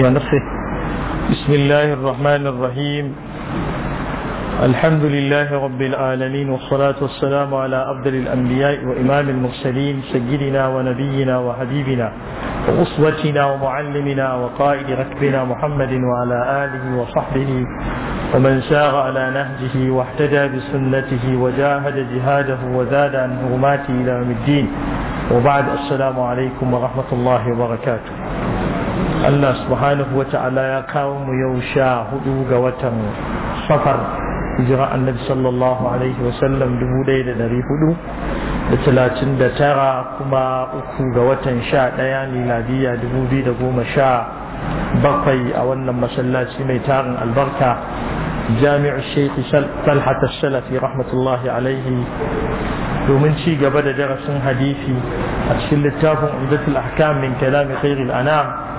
نفسي بسم الله الرحمن الرحيم الحمد لله رب العالمين والصلاة والسلام على أفضل الأنبياء وإمام المرسلين سيدنا ونبينا وحبيبنا وأسوتنا ومعلمنا وقائد ركبنا محمد وعلى آله وصحبه ومن سار على نهجه واحتجى بسنته وجاهد جهاده وزاد عن هرماته إلى يوم الدين وبعد السلام عليكم ورحمة الله وبركاته Allah subhanahu wa ta'ala ya kawo mu yau sha hudu ga watan safar hijira annabi sallallahu alaihi sallam dubu ɗaya da ɗari hudu da talatin da tara kuma uku ga watan sha ɗaya miladiya dubu biyu da goma sha bakwai a wannan masallaci mai tarin albarka jami'u shekhi talhata salafi rahmatullahi alaihi domin ci gaba da darasin hadisi a cikin littafin umdatul ahkam min kalami khairil anam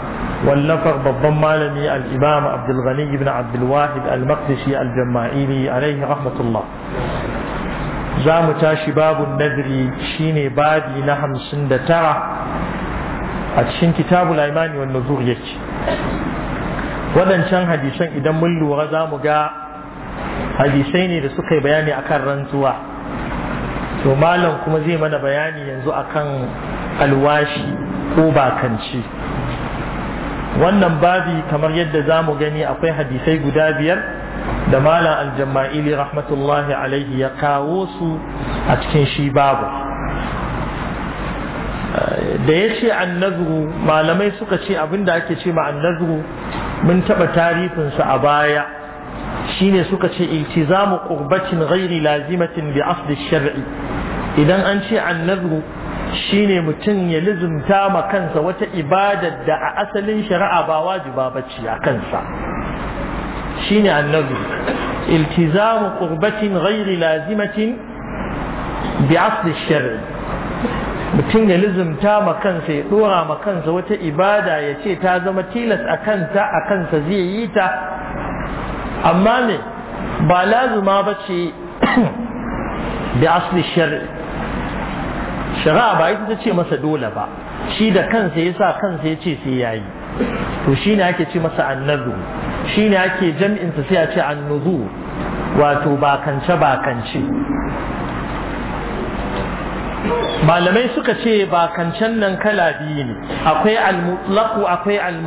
واللفر بضم مالمي الإمام عبد الغني بن عبد الواحد المقدسي الجمائيلي عليه رحمة الله زام تاشي باب النذر شيني بادي نحن سند ترى أتشين كتاب الأيمان والنذور يكي ودن شان حديثا إذا من لغة زام جاء حديثين da suka yi bayani akan rantsuwa to malam kuma zai mana bayani yanzu akan alwashi ko bakanci wannan babi kamar yadda za mu gani akwai hadisai guda biyar da malam aljama'ili rahmatullahi alaihi ya kawo su a cikin shi babu da ya ce annazuru malamai suka ce abinda ake ce ma annazuru mun taɓa tarifinsu a baya shine suka ce iltizamu qurbatin ghairi lazimatin bi asli shar'i idan an ce annazuru ne mutum ya lizumta ma kansa wata ibadar da a asalin shari'a ba wajiba bace a kansa shine annabi iltizamu qurbatin ghairi lazimatin bi asli shar'i mutum ya luzumta ma kansa ya ɗora ma kansa wata ibada ya ce ta zama tilas a kanta a kansa zai yi ta amma ne ba lazima ce, bi asli shar'i shari'a ba ita ta ce masa dole ba shi da kansa ya sa kansa ya ce sai ya yi to shi ne ake ce masa annazu shi ne ake jam'insa sai a ce annuzu wato bakance bakance malamai suka ce bakancan nan kala biyu ne akwai al akwai al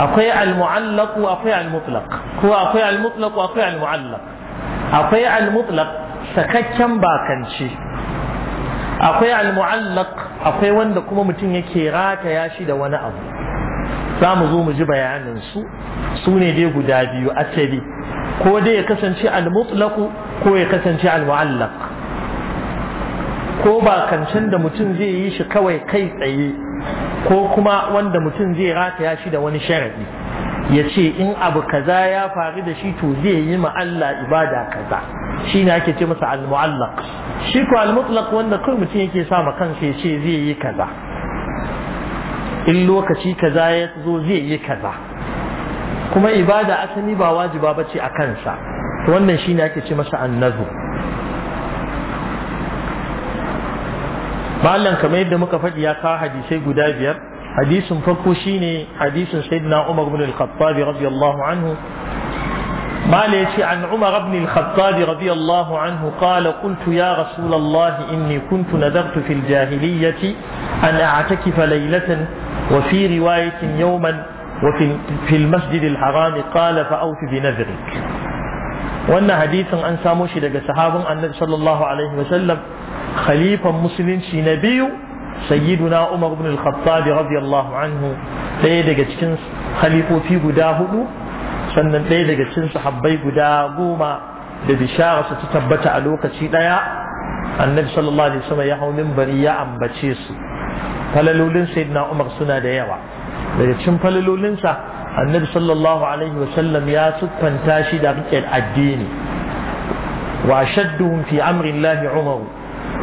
akwai almuallaku akwai al ko akwai al akwai al akwai al sakakken bakance. akwai almu'allaq akwai wanda kuma mutum yake rataya shi da wani abu za mu zo mu ji bayanin su su ne dai guda biyu a tare ko dai ya kasance al ko ya kasance almu'allaq ko ba kancan da mutum zai yi shi kawai kai tsaye ko kuma wanda mutum zai rataya shi da wani sharadi ya ce in abu kaza ya faru da shi to zai yi ma Allah ibada kaza shi ne ake ce masa al-mu'allaq shi ko al-mutlaq wanda kawai mutum yake sa ma kansa ya ce zai yi kaza in lokaci kaza ya zo zai yi kaza kuma ibada asali ba wajiba ba ce a kansa to wannan shine ake ce masa annazu mallan kamar yadda muka faɗi ya kawo hadisai guda biyar حديث فكوشيني حديث سيدنا عمر بن الخطاب رضي الله عنه ما عن عمر بن الخطاب رضي الله عنه قال قلت يا رسول الله إني كنت نذرت في الجاهلية أن أعتكف ليلة وفي رواية يوما وفي في المسجد الحرام قال فأوف بنذرك وأن حديث أن ساموشي لك صحاب النبي صلى الله عليه وسلم خليفة مسلم نبي sayyiduna umar ibn al-khattab radiyallahu anhu ɗaya daga cikin khalifofi guda hudu sannan ɗaya daga cikin sahabbai guda goma da bishara su ta tabbata a lokaci ɗaya annabi sallallahu alaihi wasallam ya hau minbari ya ambace su falalolin sayyidina umar suna da yawa daga cikin falalolinsa annabi sallallahu alaihi wasallam ya siffanta shi da riƙe addini wa shadduhum fi amri Allah Umaru.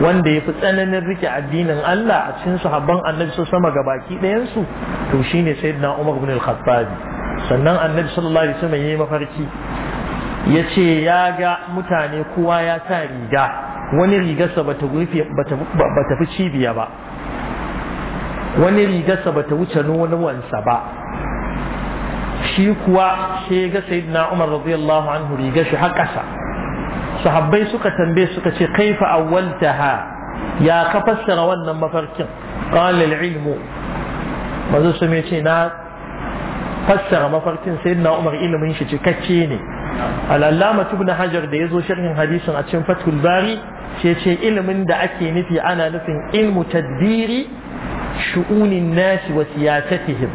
wanda ya fi tsananin rike addinin Allah a cikin sahabban annabi su sama ga baki ɗayansu to shine sayyidina Umar ibn al-Khattab sannan annabi sallallahu alaihi wasallam yayi mafarki yace ya ga mutane kowa ya sa riga wani rigarsa bata bata fi cibiya ba wani rigarsa bata wuce nonuwansa ba shi kuwa sai ga sayyidina Umar radiyallahu anhu rigar shi haƙasa. sahabbai suka tambaye suka ce kaifa awwaltaha ya ka fassara wannan mafarkin qala al-ilmu manzo su me ce na fassara mafarkin sayyidina Umar ilimin shi cikakke ne al-allama ibn hajar da yazo sharhin hadisin a cikin fathul bari ce ce ilimin da ake nufi ana nufin ilmu tadbiri shu'unin nasi wa siyasatihim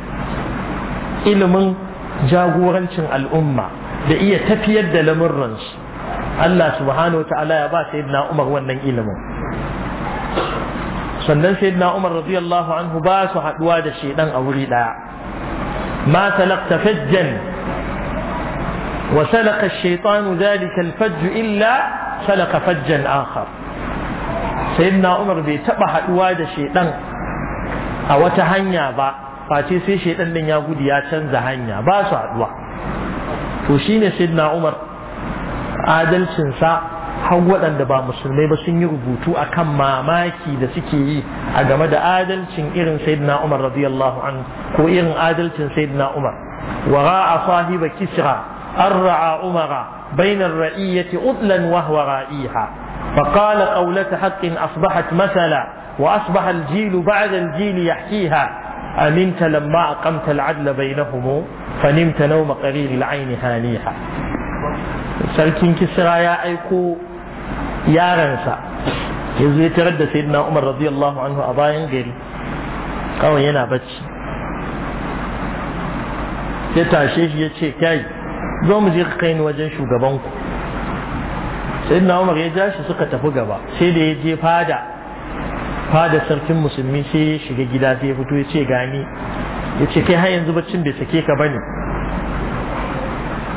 ilimin jagorancin al'umma da iya tafiyar da lamurransu Allah subhanahu ta'ala ya ba sayyidina Umar wannan ilimin sannan sayyidina Umar radiyallahu anhu ba su haduwa da shedan a wuri daya ma talaqta fajjan وسلق الشيطان ذلك الفج إلا سلق فجا آخر سيدنا عمر بي تبع حدوا da shedan a wata hanya ba face sai shedan din ya gudu ya canza hanya ba su haduwa to shine sayyidina Umar adalcinsa har waɗanda ba musulmai ba sun yi rubutu a kan mamaki da suke yi a game da adalcin irin sayyidina umar radiyallahu an ko irin adalcin sayyidina umar wa ra'a sahiba kisra an ra'a umara bainar ra'iyyati utlan wa huwa ra'iha فقال قولة حق أصبحت مثلا وأصبح الجيل بعد الجيل يحكيها أمنت لما أقمت العدل بينهم فنمت نوم قرير العين هانيها sarkin kisra ya aiko yaransa ya zo ya tarar da sayyidina umar radiyallahu anhu a bayan gari kawai yana bacci ya tashe shi ya ce kai zo mu je kai ni wajen shugaban ku sayyidina umar ya ja shi suka tafi gaba sai da ya je fada fada sarkin musulmi sai ya shiga gida sai ya fito ya ce gani ya ce kai har yanzu baccin bai sake ka bane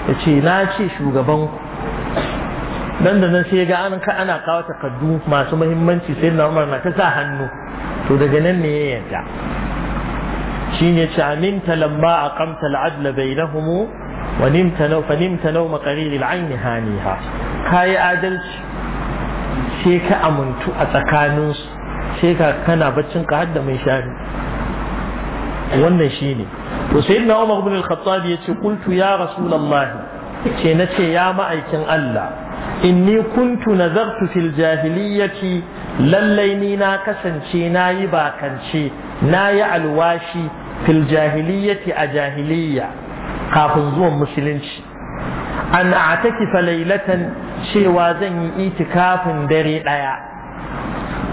ya ce na ce shugaban ku dan da nan sai ga an ka ana kawo takardu masu muhimmanci sai na umar na ta sa hannu to daga nan ne ya yarda shine ce aminta lamma aqamta na bainahum wa nimta naw fa nimta naw maqaril al'ayn haniha kai adalci sai ka amintu a tsakaninsu sai ka kana baccin ka hadda mai shari wannan shine to sayyidina Umar ibn al-Khattab yace qultu ya rasulullahi ce nace ya ma'aikin Allah inni kuntu nazartu fil jahiliyyati lallai ni na kasance na yi bakance nayi alwashi fil jahiliyyati a jahiliyya kafin zuwan musulunci an a'takifa laylatan cewa zan yi itikafin dare daya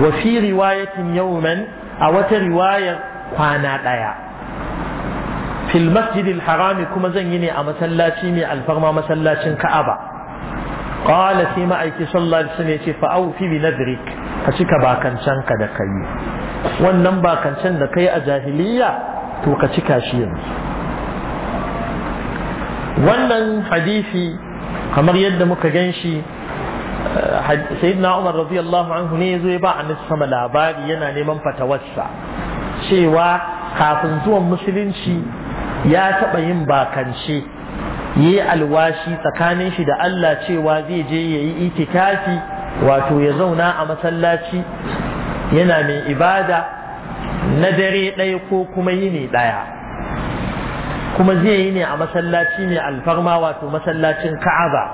wa fi riwayatin yawman a wata riwayar kwana daya fil masjidil harami kuma zan yi ne a masallaci mai alfarma masallacin ka'aba qala sai ma'aiki sallallahu alaihi wasallam yace fa awfi bi nadrik ka cika bakancan ka da kai wannan bakancan da kai a jahiliya to ka cika shi yanzu wannan hadisi kamar yadda muka gan shi eh, sayyidina Umar radiyallahu anhu ne yazo ya ba annabi sama labari yana neman fatawarsa cewa kafin zuwan musulunci ya taɓa yin bakance ya yi alwashi tsakanin shi da Allah cewa zai je ya yi itikafi wato ya zauna a masallaci yana mai ibada na dare ɗaya ko kuma yini ɗaya kuma zai yi ne a masallaci mai alfarma wato masallacin ka'aba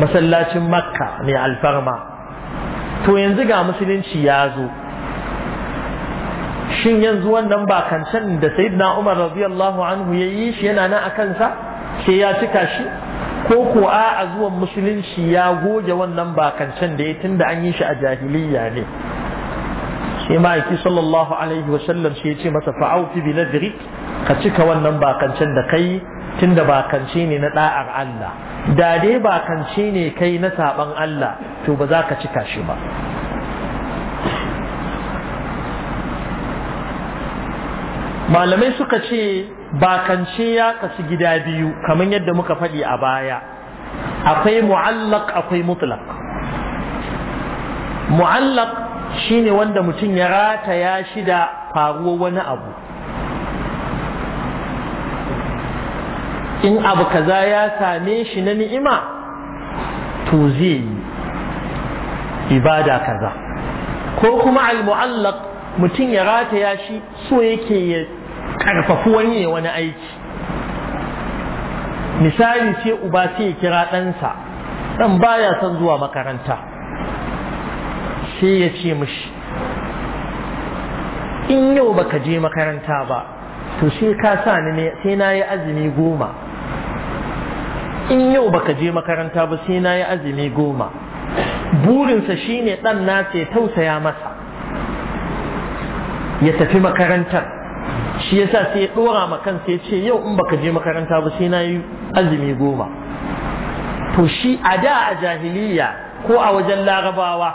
masallacin makka mai alfarma to yanzu ga musulunci ya zo shin yanzu wannan ba kancan da sayyidina Umar radiyallahu anhu ya yi shi yana nan a kansa sai ya cika shi ko ko a zuwan musulunci ya goge wannan ba kancan da ya tunda an yi shi a jahiliyya ne sai ma'aiki sallallahu alaihi wa sallam sai ya ce masa fa'auti bi nadri ka cika wannan ba kancan da kai tunda ba kance ne na da'ar Allah da dai ba kance ne kai na saban Allah to ba za ka cika shi ba malamai suka ce bakance ya kasu gida biyu kamar yadda muka faɗi a baya akwai mu'allaq akwai mutlaq mu'allaq shine wanda mutum ya rataya shi da faruwar wani abu in abu kaza ya same shi na ni'ima to zai yi ibada kaza ko kuma al-mu'allaq mutum ya rataya shi so yake ya karfafi wani wani aiki misali ce uba sai ya kira ɗansa ɗan baya son zuwa makaranta sai ya ce mishi in yau baka je makaranta ba to sai ka sa ni ne sai na yi azumi goma in yau baka je makaranta ba sai na yi azumi goma burinsa shine ɗan nasa ya tausaya masa ya tafi makarantar shi yasa sai ya dora ma kansa ya ce yau in baka je makaranta ba sai na yi azumi goma to shi a da a jahiliya ko a wajen larabawa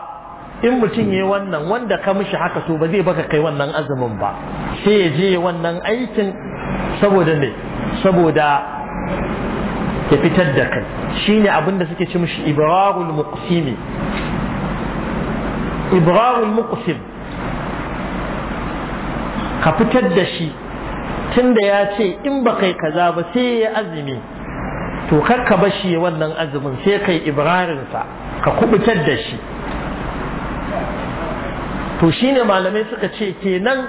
in mutum ya wannan wanda ka mishi haka to ba zai baka kai wannan azumin ba sai ya je wannan aikin saboda ne saboda ya fitar da kai shi abin da suke ci mishi ibrahul muqsimi ibrahul muqsim ka fitar da shi tunda ya ce in ba kai kaza ba sai ya azumi to kar ka bashi wannan azumin sai kai ibrarinsa ka kubutar da shi to shine malamai suka ce kenan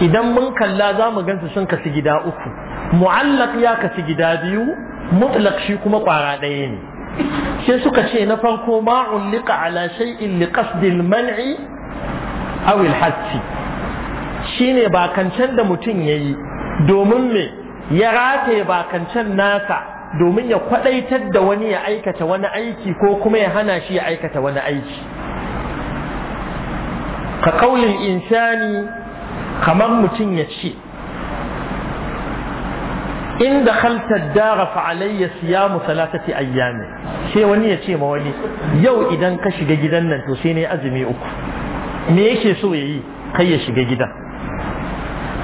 idan mun kalla za mu gansu sun kasu gida uku mu'allaq ya kasu gida biyu mutlaq shi kuma kwara ɗaya ne sai suka ce na farko ma liƙa ala shay'in li qasdil man'i aw al shine bakancan da mutum ya yi domin me ya rataye bakancan nasa domin ya kwadaitar da wani ya aikata wani aiki ko kuma ya hana shi ya aikata wani aiki ka kaulin insani kamar mutum ya ce in da haltar dara fa'alayya siyamu salatati ayyami sai wani ya ce ma wani yau idan ka shiga gidan nan to sai ne azumi uku me yake so ya yi kai ya shiga gidan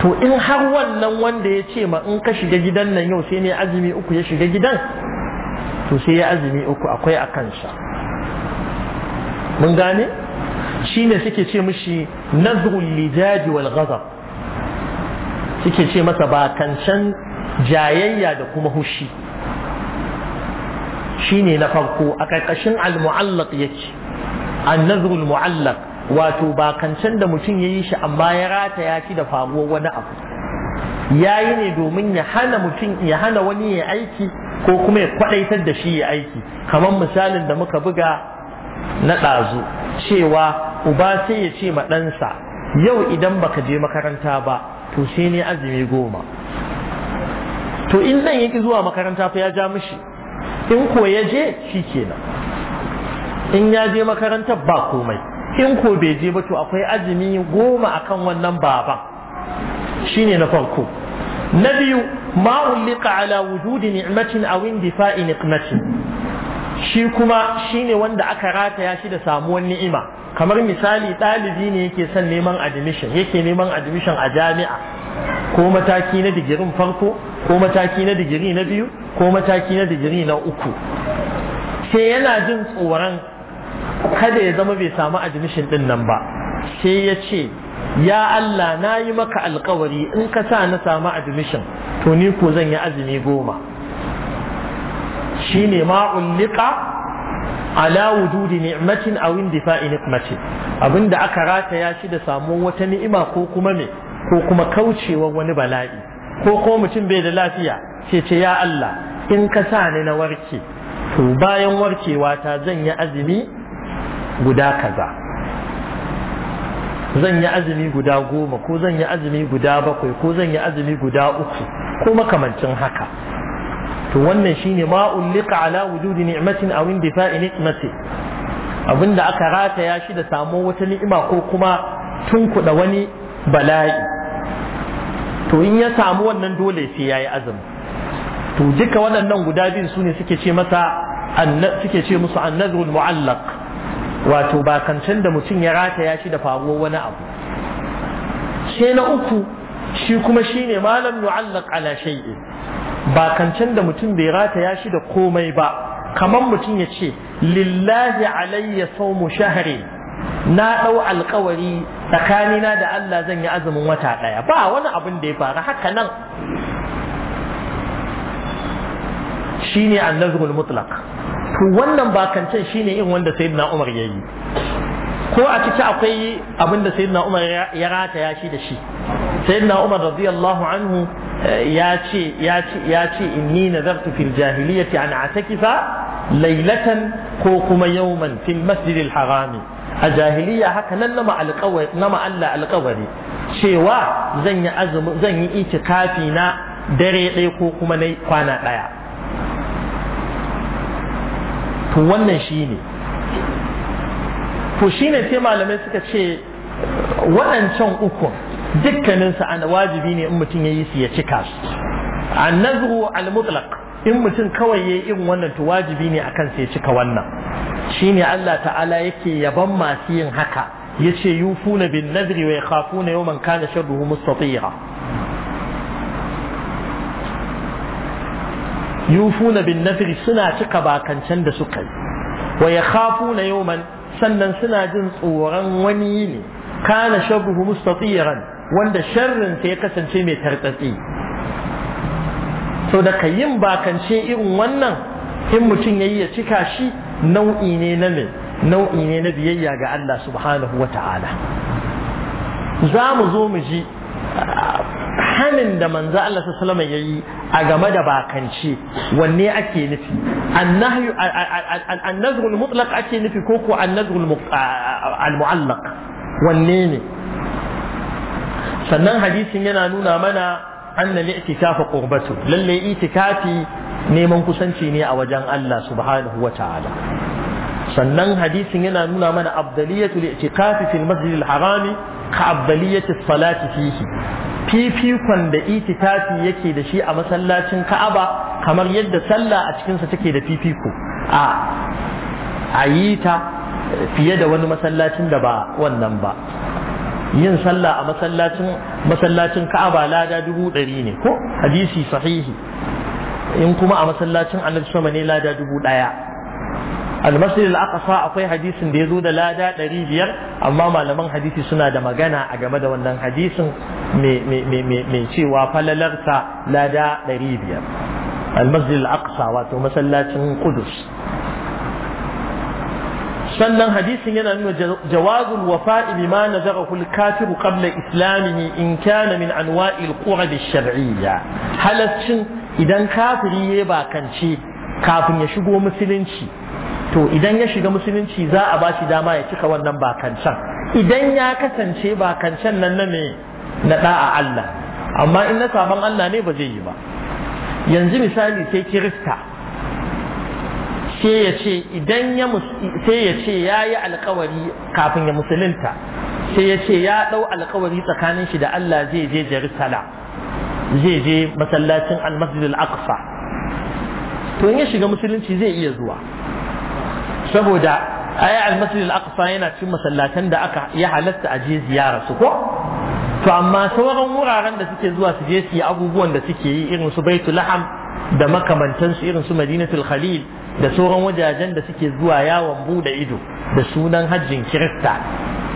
to in har wannan wanda ya ce ma in ka shiga gidan nan yau sai ne azumi uku ya shiga gidan to sai ya azumi uku akwai a kansa mun gane shi ne suke ce mishi nazrul lijadi wal ghadab suke ce masa ba kancan jayayya da kuma hushi shi ne na farko a ƙarƙashin al-mu'allaq yake an nazrul mu'allaq wato ba kancan da mutum ya yi shi amma ya rata ya ci da faruwa wani abu ya yi ne domin ya hana mutum ya hana wani ya aiki ko kuma ya kwadaitar da shi ya aiki kamar misalin da muka buga na ɗazu cewa uba sai ya ce ma ɗansa yau idan baka je makaranta ba to sai ne azumi goma to in zan yi zuwa makaranta fa ya ja mishi in ko ya je shi kenan in ya je makarantar ba komai in ko bai je ba to akwai azumi goma akan wannan baban shine na farko na biyu ma ulika ala wujudi ni'matin aw indifa'i niqmatin shi kuma shine wanda aka rataya shi da samuwar ni'ima kamar misali ɗalibi ne yake son neman admission yake neman admission a jami'a ko mataki na digirin farko ko mataki na digiri na biyu ko mataki na digiri na uku sai yana jin tsoron kada ya zama bai samu admission din nan ba sai ya ce ya Allah na yi maka alkawari in ka sa na samu admission to ni ko zan yi azumi goma shine ma ulliqa ala wududi ni'matin aw indifa'i ni'matin abinda aka rata ya shi da samu wata ni'ima ko kuma me ko kuma kaucewa wani bala'i ko ko mutum bai da lafiya sai ce ya Allah in ka sa ni na warke to bayan warkewa ta zan yi azumi guda kaza zan yi azumi guda goma ko zan yi azumi guda bakwai ko zan yi azumi guda uku ko makamancin haka to wannan shine ma ulika ala wujudi ni'matin aw indifa'i ni'mati abinda aka rataya shi da samu wata ni'ima ko kuma tunkuda wani bala'i to in ya samu wannan dole sai yayi azumi to duka waɗannan guda biyu sune suke ce masa suke ce musu annazrul mu'allaq wato ba kancan da mutum ya rataya shi da faruwar wani abu sai na uku shi kuma shine malam yu'allaq ala shay'in ba kancan da mutum bai rataya shi da komai ba kamar mutum ya ce lillahi alayya saumu shahri na ɗau alkawari tsakanina da Allah zan yi azumin wata ɗaya ba wani abin da ya faru haka nan shine annazrul mutlaq to wannan bakancan shine irin wanda sayyidina Umar ya yi ko a ciki akwai abin da sayyidina Umar ya rata ya shi da shi sayyidina Umar radiyallahu anhu eh, ya ce ya ce ya ce inni nazartu fil jahiliyyati an atakifa laylatan ko kuma yawman fil masjidil harami a jahiliya haka nan nama alƙawari nama Allah alƙawari cewa zan yi azumi zan yi itikafi na dare ɗaya ko kuma na kwana ɗaya to wannan shine to shine sai malamai suka ce waɗancan uku dukkaninsu an wajibi ne in mutum ya yi su ya cika su an al mutlaq in mutum kawai ya yi irin wannan to wajibi ne akan sai ya cika wannan shine Allah ta'ala yake yaban masu yin haka yace yufuna bin nadri wa yakhafuna yawman kana sharruhu mustatira yufuna bin nafri suna cika bakancan da suka yi wa na yawman sannan suna jin tsoron wani ne kana sharruhu mustatiran wanda sharrin ya kasance mai tartsatsi so da yin bakance irin wannan in mutum yayi ya cika shi nau'i ne na nau'i ne na biyayya ga Allah subhanahu wata'ala za mu zo mu ji hanin da manzo Allah sallallahu alaihi yayi a game da bakance wanne ake nufi annahyu al mutlaq ake nufi ko ko al almuallaq wanne ne sannan hadisin yana nuna mana anna li'tikafa qurbatu lalle itikafi neman kusanci ne a wajen Allah subhanahu wa sannan hadisin yana nuna mana afdaliyatu li'tikafi fil masjidil harami ka afdaliyati salati fihi fifikon da itikafi yake da shi a masallacin ka'aba kamar yadda sallah a cikinsa take da fifiko a a yi ta fiye da wani masallacin da ba wannan ba yin sallah a masallacin masallacin ka'aba lada dubu ɗari ne ko hadisi sahihi in kuma a masallacin annabi sama ne lada dubu ɗaya almasjid al-aqsa akwai hadisin da ya zo da lada 500 amma malaman hadisi suna da magana a game da wannan hadisin mai cewa falalarta lada 500 almasjid al-aqsa wato masallacin Kudus. sannan hadisin yana nuna jawazul wafa'i bima nazarahu al-kafiru qabla islamihi in kana min anwa'il qurab ash-shar'iyya halaccin idan kafiri ya bakance kafin ya shigo musulunci to idan ya shiga musulunci za a ba shi dama ya cika wannan bakancan idan ya kasance bakancan nan na ne na da'a Allah amma in na sabon Allah ne ba zai yi ba yanzu misali sai kirista sai ya ce idan ya sai ya ce yayi alkawari kafin ya musulunta sai ya ce ya ɗau alkawari tsakanin shi da Allah zai je Jerusalem zai je masallacin al-Masjid al-Aqsa to in ya shiga musulunci zai iya zuwa saboda ayi almasjid al-aqsa yana cikin masallatan da aka ya halatta a je ziyara su ko to amma sauran wuraren da suke zuwa su je su yi abubuwan da suke yi irin su Baitu laham da makamantansu irin su madinatul khalil da sauran wajajen da suke zuwa yawon bude ido da sunan hajjin kirista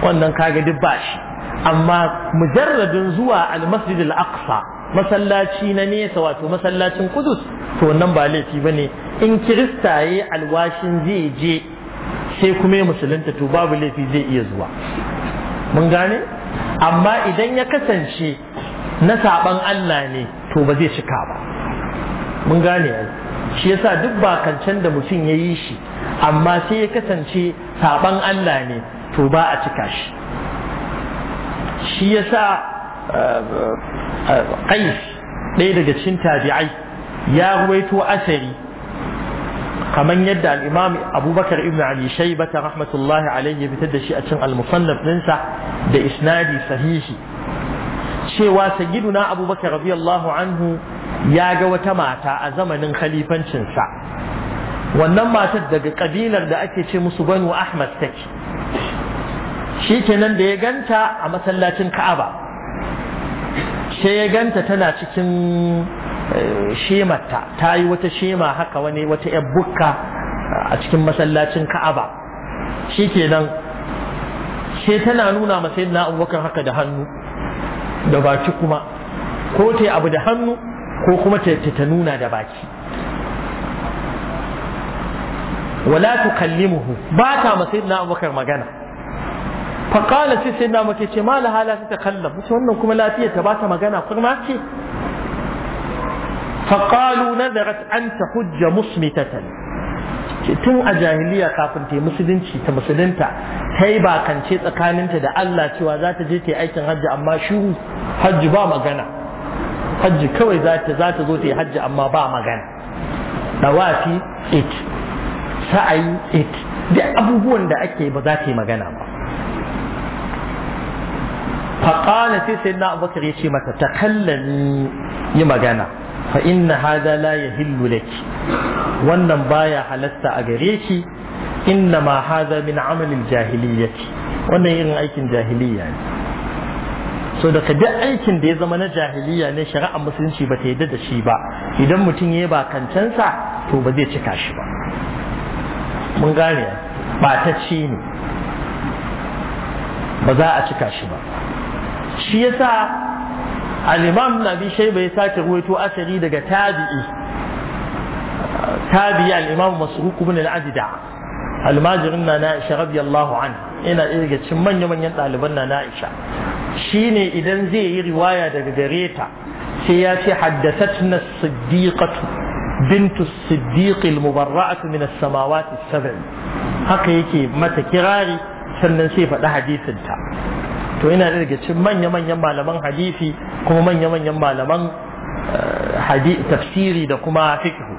wannan kaga duk ba shi amma mujarradin zuwa almasjid al-aqsa masallaci na nesa wato masallacin kudus to wannan ba laifi bane in kirista yayi alwashin zai je sai kuma ya musulunta to babu laifi zai iya zuwa mun gane amma idan ya kasance na saban Allah ne to ba zai cika ba mun gane shi yasa duk kancan da mutum ya yi shi amma sai ya kasance saban Allah ne to ba a cika shi shi ya sa eh, eh, qais ɗaya daga cin tabi'ai ya ruwaito asari kamar yadda alimam abubakar ibn Ali shai ta rahmatullahi alayhi fitar da shi a cin al ɗinsa da isnadi sahihi cewa na abubakar radiyallahu anhu ya ga wata mata a zamanin khalifancinsa wannan matar daga kabilar da ake ce musu banu ahmad take shi kenan da ya ganta a masallacin ka'aba sai ya ganta tana cikin eh, shemata ta yi wata shema haka wani wata yar bukka a cikin masallacin ka'aba shi kenan sai tana nuna masai na abubakar haka da hannu da baki kuma ko ta abu da hannu ko kuma ta nuna da baki wala tukallimuhu ba ta masai na abubakar magana faƙala sai sai na mace ce mala hala ta kallon mutu wannan kuma lafiya ta ba ta magana kurma ce faƙalu nazarat an ta hujja musmitatan ce tun a jahiliya kafin ta yi musulunci ta musulunta ta yi bakance tsakaninta da Allah cewa za ta je ta yi aikin hajji amma shiru hajji ba magana hajji kawai za ta za ta zo ta yi hajji amma ba magana dawafi it sa'ayi it duk abubuwan da ake ba za ta yi magana ba faƙala sai sai na abubakar ya ce mata ta kallami yi magana fa inna hada ya hillu laki wannan baya halatta a gare ki inna ma hada min amalin jahiliyyati wannan irin aikin jahiliya ne so daga duk aikin da ya zama na jahiliya ne shari'ar musulunci ba ta yadda da shi ba idan mutum ya yi bakancansa to ba zai cika shi ba mun gane ba ta ci ne ba za a cika shi ba shi yasa al-imam nabi shayba ya sake ruwaito asari daga tabi'i tabi'i al-imam masruq ibn almajirin na na'isha radiyallahu an ina ɗaya cin manya manyan ɗaliban na na'isha shine idan zai yi riwaya daga gare ta sai ya ce na siddiqatu bintu siddiq al-mubarra'atu min as-samawati as-sab'i haka yake mata kirari sannan sai faɗi hadisin ta to yana daga cikin manya-manyan malaman hadisi kuma manya-manyan malaman eh, tafsiri da kuma fiqhu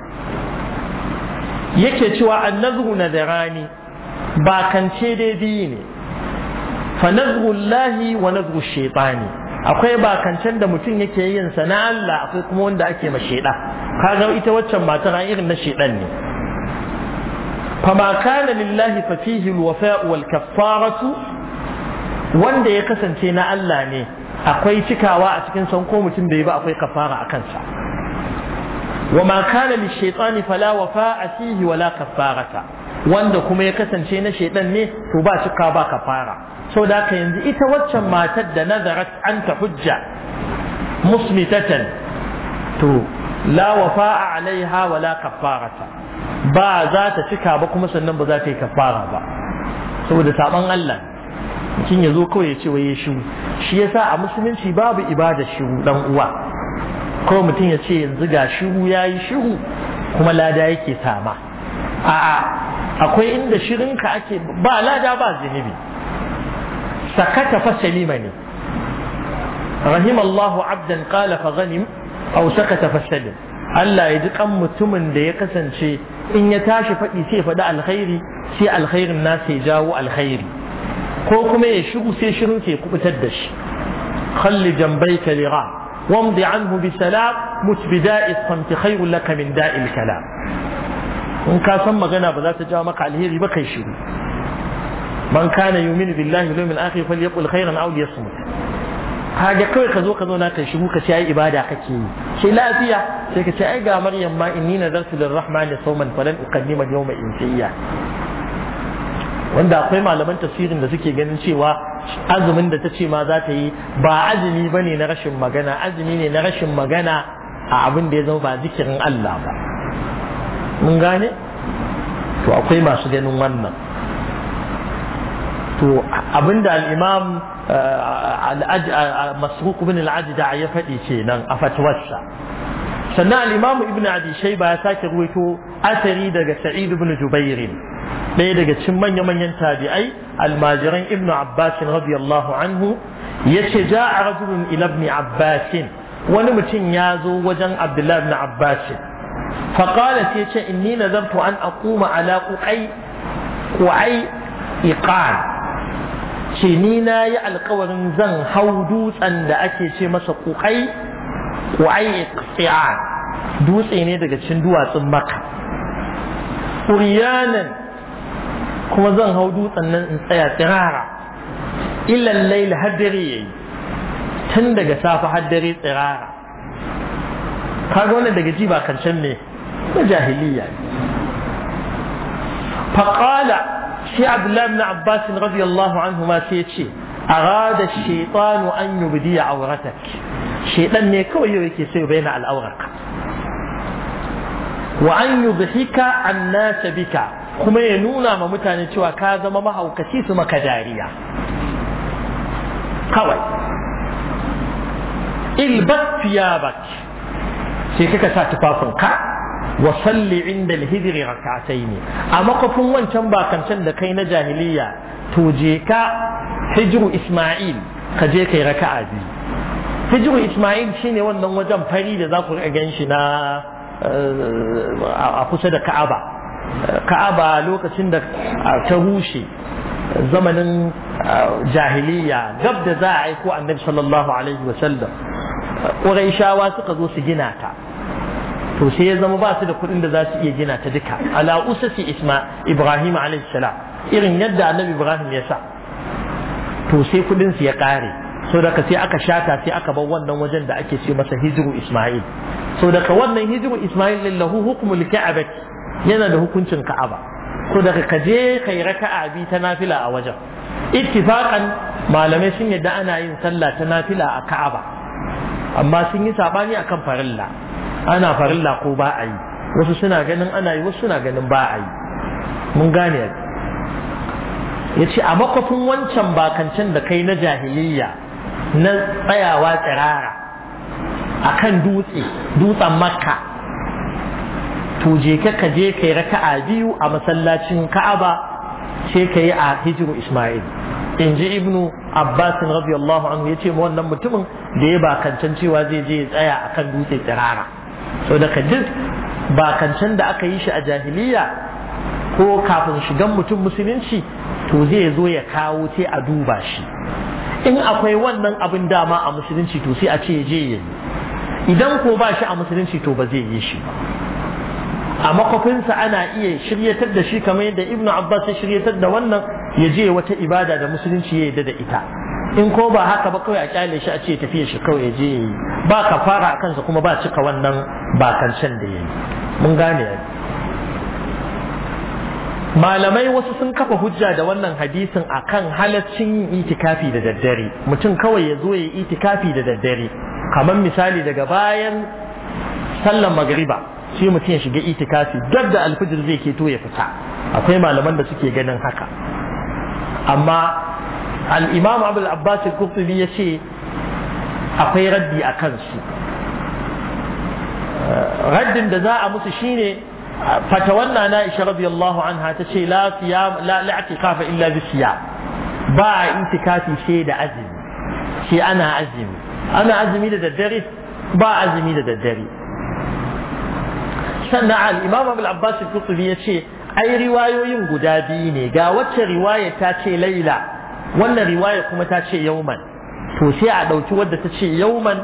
yake cewa annazru nadarani ba kance dai biyu ne fa nazru wa nazru shaytani akwai bakancan da mutum yake yin sa na Allah akwai kuma wanda ake ma sheda kaga ita waccan matar irin na shedan ne فما كان لله ففيه الوفاء والكفارة wanda ya kasance na Allah ne akwai cikawa a cikin san ko mutum bai ba akwai kafara a kansa wa ma kana li shaytani fala wafa'a fihi wala kafarata wanda kuma ya kasance na shaytan ne to ba cika ba kafara so da ka yanzu ita waccan matar da nazarat an ta hujja musmitatan to la alaiha wala kafarata ba za ta cika ba kuma sannan ba za ta yi kafara ba saboda saban Allah mutum ya zo kawai ya ce wai ya shiru shi yasa a musulunci babu ibada shiru dan uwa kawai mutum ya ce yanzu ga shiru yayi shiru kuma lada yake sama a'a akwai inda shirinka ake ba lada ba zunubi sakata fa salima ne rahim Allahu abdan qala fa ghanim aw sakata fa salim Allah ya ji kan mutumin da ya kasance in ya tashi faɗi sai faɗi alkhairi sai alkhairin nasa ya jawo alkhairi ko kuma ya shigo sai shiru ke kubutar da shi khalli jambayka li ra wamdi anhu bi salam mut bi ti khayrun laka min da'il kalam in ka san magana ba za ta jawo maka alheri ba kai shiru man kana yuminu billahi wal yawmil akhir falyaqul khayran aw liyasmut kaga kawai ka zo ka zo na kai shigo ka ce ai ibada kake yi ce lafiya sai ka ce ai ga maryam ma inni nazartu lirrahmani sawman falan uqaddima yawma insiya wanda akwai malaman tafsirin da suke ganin cewa azumin da ta ce ma za ta yi ba azumi ba ne na rashin magana azumi ne na rashin magana a abin da ya zama ba zikirin Allah ba mun gane to akwai masu ganin wannan to abinda da al'imam eh, masruq hukumin al ya faɗi ce nan a fatwarsa sannan alimamu ibn abi shayba ya sake ruwaito asari daga sa'id ibn jubair ɗaya daga cin manya manyan tabi'ai almajiran ibn abbas radiyallahu anhu yace a rajulun ila ibn wani mutum ya zo wajen abdullahi ibn abbas faqala sai ce inni nazartu an akuma ala qu'ai qu'ai iqan ce ni na yi alkawarin zan hau dutsen da ake ce masa ƙuƙai wa'ai dutse ne daga cikin duwatsun maka uriyanan kuma zan hau dutsen nan in tsaya tsirara illan laila haddare dare yayi tun daga safa haddare tsirara kaga wannan daga ji ba ne na jahiliya faqala shi abdullahi ibn abbas radiyallahu anhu ma sai ya ce arada shaytanu an yubdi auratak shedan ne kawai yau yake sai bayyana al'aurarka wa an yubhika annasa bika kuma ya nuna ma mutane cewa ka zama mahaukaci su maka dariya kawai ilbat thiyabak sai kaka sa tufafinka wa salli inda alhijri rak'atayn a makofin wancan bakancan da kai na jahiliya to je ka hijru isma'il ka je kai raka'a biyu hijiru ismail shine wannan wajen fari da za ku gan shi na eh, a kusa da ka'aba ka'aba lokacin da ta rushe zamanin jahiliya gab da za a aiko annabi sallallahu alaihi wasallam ƙuraishawa suka zo su gina ta to sai ya zama ba su da kuɗin da za su iya gina ta duka ala usasi isma ibrahim alaihi salam irin yadda annabi ibrahim ya sa to sai kuɗin su ya ƙare so daga sai aka shata sai aka bar wannan wajen da ake ce masa hijiru isma'il so daga wannan hijiru isma'il din lahu hukmul ka'aba yana da hukuncin ka'aba so daga ka je kai raka'a bi ta nafila a wajen ittifaqan malamai sun yadda ana yin sallah ta nafila a ka'aba amma sun yi sabani akan farilla ana farilla ko ba a yi wasu suna ganin ana yi wasu suna ganin ba a yi mun gane ya ce a makwafin wancan bakancen da kai na jahiliyya na tsayawa tsirara a kan dutse dutsen makka to je ka ka je ka yi raka'a biyu a masallacin ka'aba sai ka yi a hijiru isma'il in ji ibnu Abbas radiyallahu anhu ya ce ma wannan mutumin da ya bakancan cewa zai je ya tsaya a kan dutse tsirara sau da ka duk bakancan da aka yi shi a jahiliya ko kafin shigan mutum musulunci to zai zo ya kawo sai a duba shi in akwai wannan abin dama a musulunci to sai a ce je yi idan ko ba shi a musulunci to ba zai yi shi ba a makwafinsa ana iya shiryatar da shi kamar yadda ibn abbas ya shiryatar da wannan ya je wata ibada da musulunci ya yi da ita in ko ba haka ba kawai a kyale shi a ce tafiya shi kawai ya je yi ba ka fara a kansa kuma ba cika wannan bakancen da ya yi mun gane malamai wasu sun kafa hujja da wannan hadisin akan halaccin yin itikafi da daddare mutum kawai ya zo ya yi itikafi da daddare kamar misali daga bayan sallan magriba shi mutum ya shiga itikafi duk da alfijir zai ke to ya fita akwai malaman da suke ganin haka amma al'imam abul abbas al-qurtubi ya ce akwai raddi a kansu raddin da za a musu shine fatawanna na isha radiyallahu anha ta ce la siyam kafa illa bi Ba a itikafi she da azumi she ana azumi ana azumi da daddare ba azumi da daddare sannan al-imam abul abbas al-qutubi ya ce ai riwayoyin guda biyu ne ga wacce riwaya ta ce laila wannan riwaya kuma ta ce yauman to sai a ɗauki wadda ta ce yauman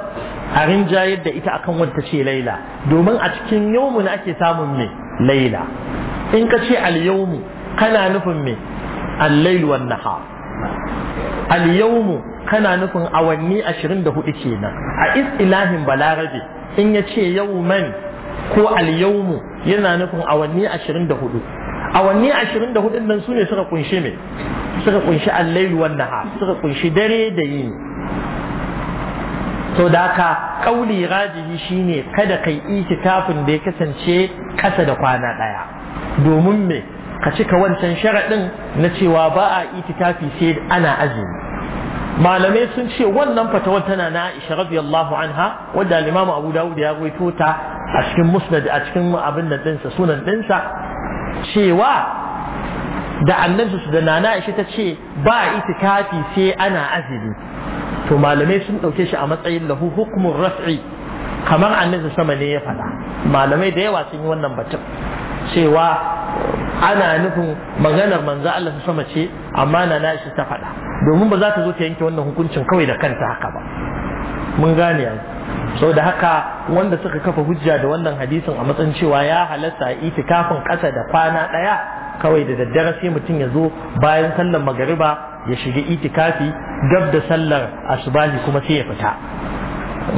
a rinjayar da ita akan wadda ta ce laila domin a cikin yaumun ake samun me laila in ka ce al-yaumu kana nufin me al-lail wan nahar al-yaumu kana nufin awanni 24 kenan a istilahin balarabe in ya ce yauman ko al-yaumu yana nufin awanni 24 awanni 24 nan sune suka kunshi me suka kunshi al-lail wan nahar suka kunshi dare da yini to da haka kauli rajihi shine kada kai itikafin da ya kasance kasa da kwana ɗaya. domin me ka cika wancan sharaɗin na cewa ba a itikafi sai ana azumi malamai sun ce wannan fatawar tana na Aisha radiyallahu anha wadda al-Imam Abu Dawud ya goyito ta a cikin Musnad a cikin abin da dinsa sunan dinsa cewa da annabi da nana Aisha ta ce ba itikafi sai ana azumi to malamai sun ɗauke shi a matsayin lahu hukumun raf'i kamar annabi sama ne ya faɗa malamai da yawa sun yi wannan batun cewa ana nufin maganar manzo Allah ta sama ce amma na nashi ta faɗa domin ba za ta zo ta yanke wannan hukuncin kawai da kanta haka ba mun gane yanzu sau da haka wanda suka kafa hujja da wannan hadisin a matsayin cewa ya halatta itikafin ƙasa da kwana ɗaya kawai da daddare sai mutum ya zo bayan sallar magariba ya shiga itikafi gab da sallar asubahi kuma sai ya fita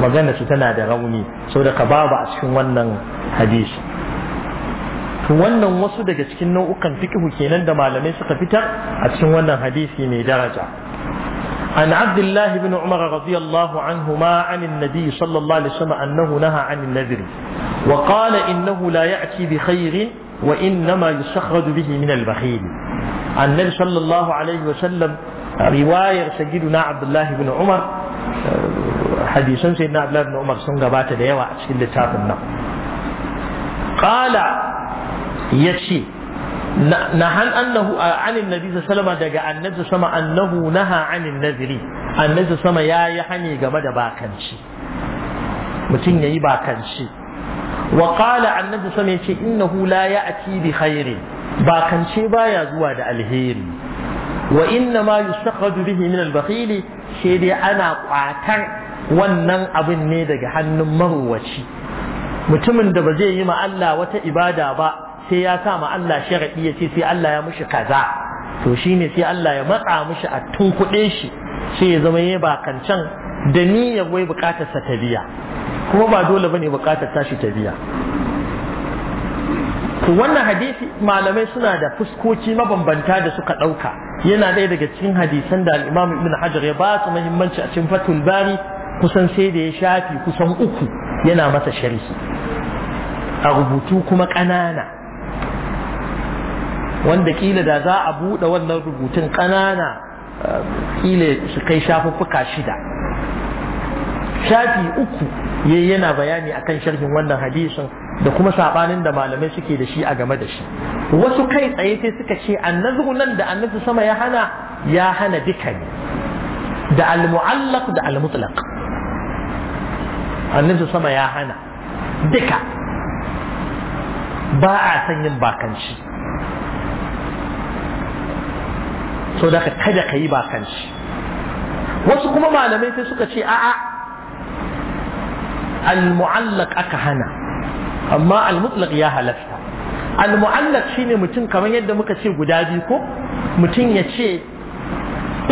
magana su tana da rauni sau ka babu a cikin wannan hadisi wannan wasu daga cikin nau'ukan fikihu kenan da malamai suka fitar a cikin wannan hadisi mai daraja عن عبد الله بن عمر رضي الله عنهما عن النبي صلى الله عليه وسلم أنه نهى عن النذر وقال إنه لا يأتي بخير wa innama yusakhraju bihi min al-bakhil annabi sallallahu alaihi wa sallam riwayar sayyiduna abdullahi ibn umar eh, hadisan sayyiduna abdullahi ibn umar sun gabata da yawa a cikin littafin nan qala yace نهى أنه عن النبي صلى الله عليه وسلم دقى النبي صلى أنه نهى عن النذر النبي صلى الله عليه وسلم يا يحني قمد باكنشي متين يباكنشي wa qala annabi sallallahu alaihi wasallam innahu hula ya bi khairin ba kance baya zuwa da alheri wa inna ma yustaqadu bihi min al-bakhili dai ana kwatar wannan abin ne daga hannun maruwaci mutumin da ba zai yi ma Allah wata ibada ba sai ya sa ma Allah sharadi ya ce sai Allah ya mushi kaza to shine sai Allah ya matsa mushi a kuɗe shi sai ya zama ya kancan da niyyar wai bukatarsa ta biya kuma ba dole ne bukatar tashi ta biya wannan hadisi malamai suna da fuskoki mabambanta da suka ɗauka yana ɗaya daga cikin hadisan da al-Imam Ibn Hajar ya ba su muhimmanci a cikin Fathul Bari kusan sai da ya shafi kusan uku yana masa sharhi a rubutu kuma ƙanana wanda kila da za a buɗe wannan rubutun ƙanana kila su kai shafuffuka shida shafi uku yayi yana bayani akan sharhin wannan hadisin da kuma sabanin da malamai suke da shi a game da shi wasu kai tsaye sai suka ce annazuru nan da annabi sama ya hana ya hana duka ne da almu'allaq da almutlaq annabi sama ya hana duka ba a san yin bakanci so da ka kada ka yi ba kan wasu kuma malamai sai suka ce a'a al-mu'allaq aka hana amma al-mutlaq ya halasta al-mu'allaq shine mutum kamar yadda muka ce guda biyu ko mutum ya ce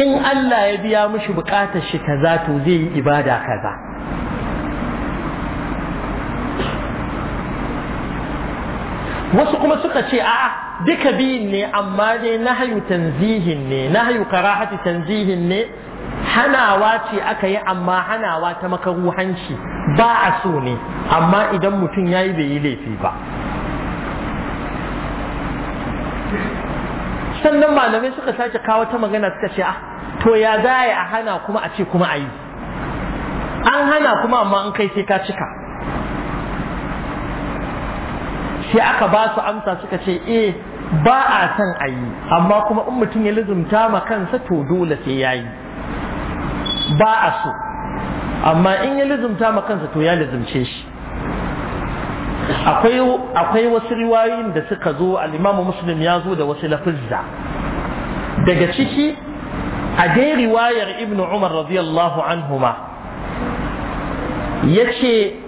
in Allah ya biya mishi bukatar shi kaza to zai yi ibada kaza wasu kuma suka ce a'a duka biyun ne amma dai hayu tanzihin ne na kara karahati tanzihin ne hanawa ce aka yi amma hanawa ta makaruhanci ba a so ne amma idan mutum ya yi bai yi laifi ba sannan malamai suka sake kawo ta magana suka ce a? Ah, to ya zaya a hana kuma a ce kuma a yi an hana kuma amma an kai sai ka cika sai aka ba su amsa suka ce eh ba a san a yi amma kuma in mutum ya lizumta ma kansa to dole sai ya yi ba a so amma in ya lizumta ma kansa to ya lizumce shi akwai wasu riwayoyin da suka zo al'imamu muslim ya zo da wasu lafizza daga ciki a dai riwayar ibnu umar radiyallahu anhuma ya ce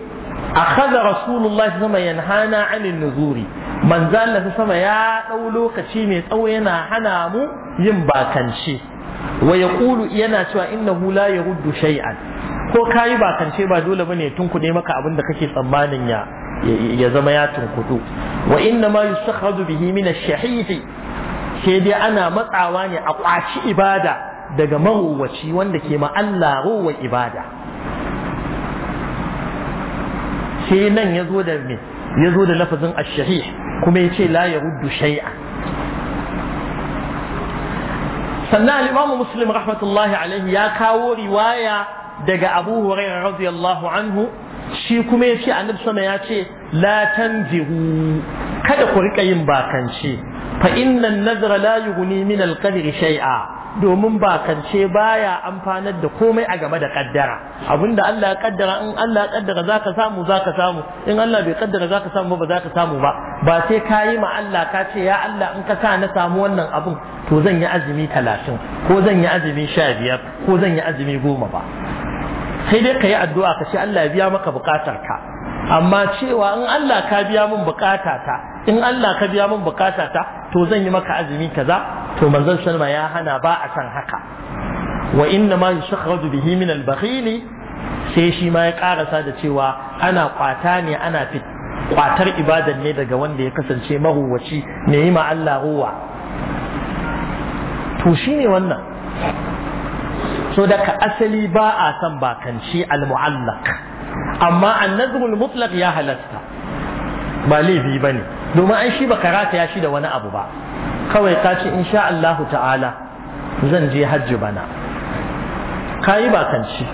akhadha rasulullahi sama yanhana anin nuzuri manzo Allah sama ya dau lokaci mai tsawo yana hana mu yin bakance wa yaqulu yana cewa innahu la ruddu shay'an ko kayi bakance ba dole bane tunkuɗe maka abin da kake tsammanin ya ya zama ya tunkudu wa inna ma yustakhadu bihi min ash-shahihi sai dai ana matsawa ne a kwaci ibada daga maruwaci wanda ke ma Allah ruwa ibada sai nan ya zo da me ya zo da lafazin ash kuma ya ce la yaruddu shay'a sannan al muslim rahmatullahi alaihi ya kawo riwaya daga abu hurairah radiyallahu anhu shi kuma ya ce annabi sama ya ce la tanzihu kada ku rika yin bakance fa innan nazara la yughni min al-qadri shay'a domin ba bakance baya amfanar da komai a game da kaddara abinda Allah ya kaddara in Allah ya kaddara zaka samu zaka samu in Allah bai kaddara zaka samu ba zaka samu ba ba sai ka yi ma Allah ka ce ya Allah in ka sa na samu wannan abun to zan yi azumi talatin ko zan yi azumi sha biyar ko zan yi azumi goma ba sai dai ka yi addu'a ka ce Allah ya biya maka bukatar ka amma cewa in Allah ka biya min bukata ta in Allah ka biya min bukata ta to zan yi maka azumi kaza to manzon sallama ya hana ba a san haka wa inna ma yushraju bihi min al sai shi ma ya karasa da cewa ana kwata ne ana fit kwatar ibadan ne daga wanda ya kasance mahuwaci ne yi ma Allah ruwa to ne wannan so daga asali ba a san bakanci al-mu'allaq amma annazrul mutlaq ya halatta ba laifi ba ne domin an shi ba karata ya shi da wani abu ba kawai ka ce insha Allahu ta'ala zan je hajji bana ka kayi ba kanci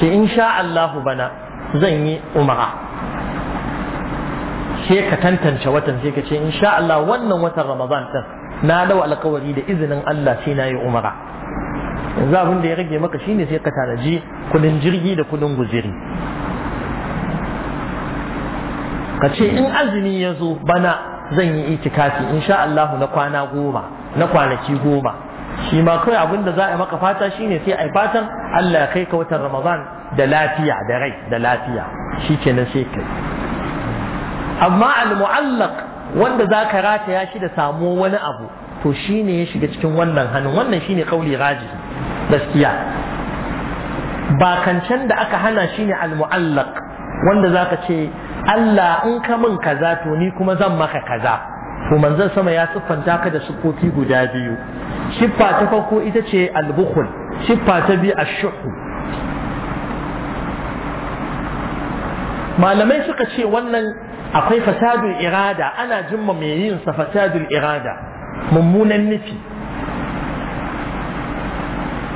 ce insha Allahu bana zan yi umara ke ka tantance watan sai ka ce insha Allah wannan watan Ramadan ta na dau alkawari da izinin Allah sai na yi umara yanzu abin da ya rage maka shine sai ka tanaji kudin jirgi da kudin guziri ka ce in azumi ya zo bana zan yi itikafi insha Allah na kwana goma na kwanaki goma shi ma kawai abin da za a maka fata shine sai a fatan Allah ya kai ka watan Ramadan da lafiya da rai da lafiya shi kenan sai kai amma al-mu'allaq wanda za ka rataya shi da samo wani abu to shine ya shiga cikin wannan hannun wannan shine kauli rajihi gaskiya bakancan da aka hana shine ne muallaq wanda zaka ce Allah in ka min kaza to ni kuma zan maka kaza to manzon sama ya siffanta ka da siffofi guda biyu siffa ta farko ita ce al-bukhul ta biyu ash malamai suka ce wannan akwai fasadul irada ana jimma mai yin sa fasadul irada mummunan nufi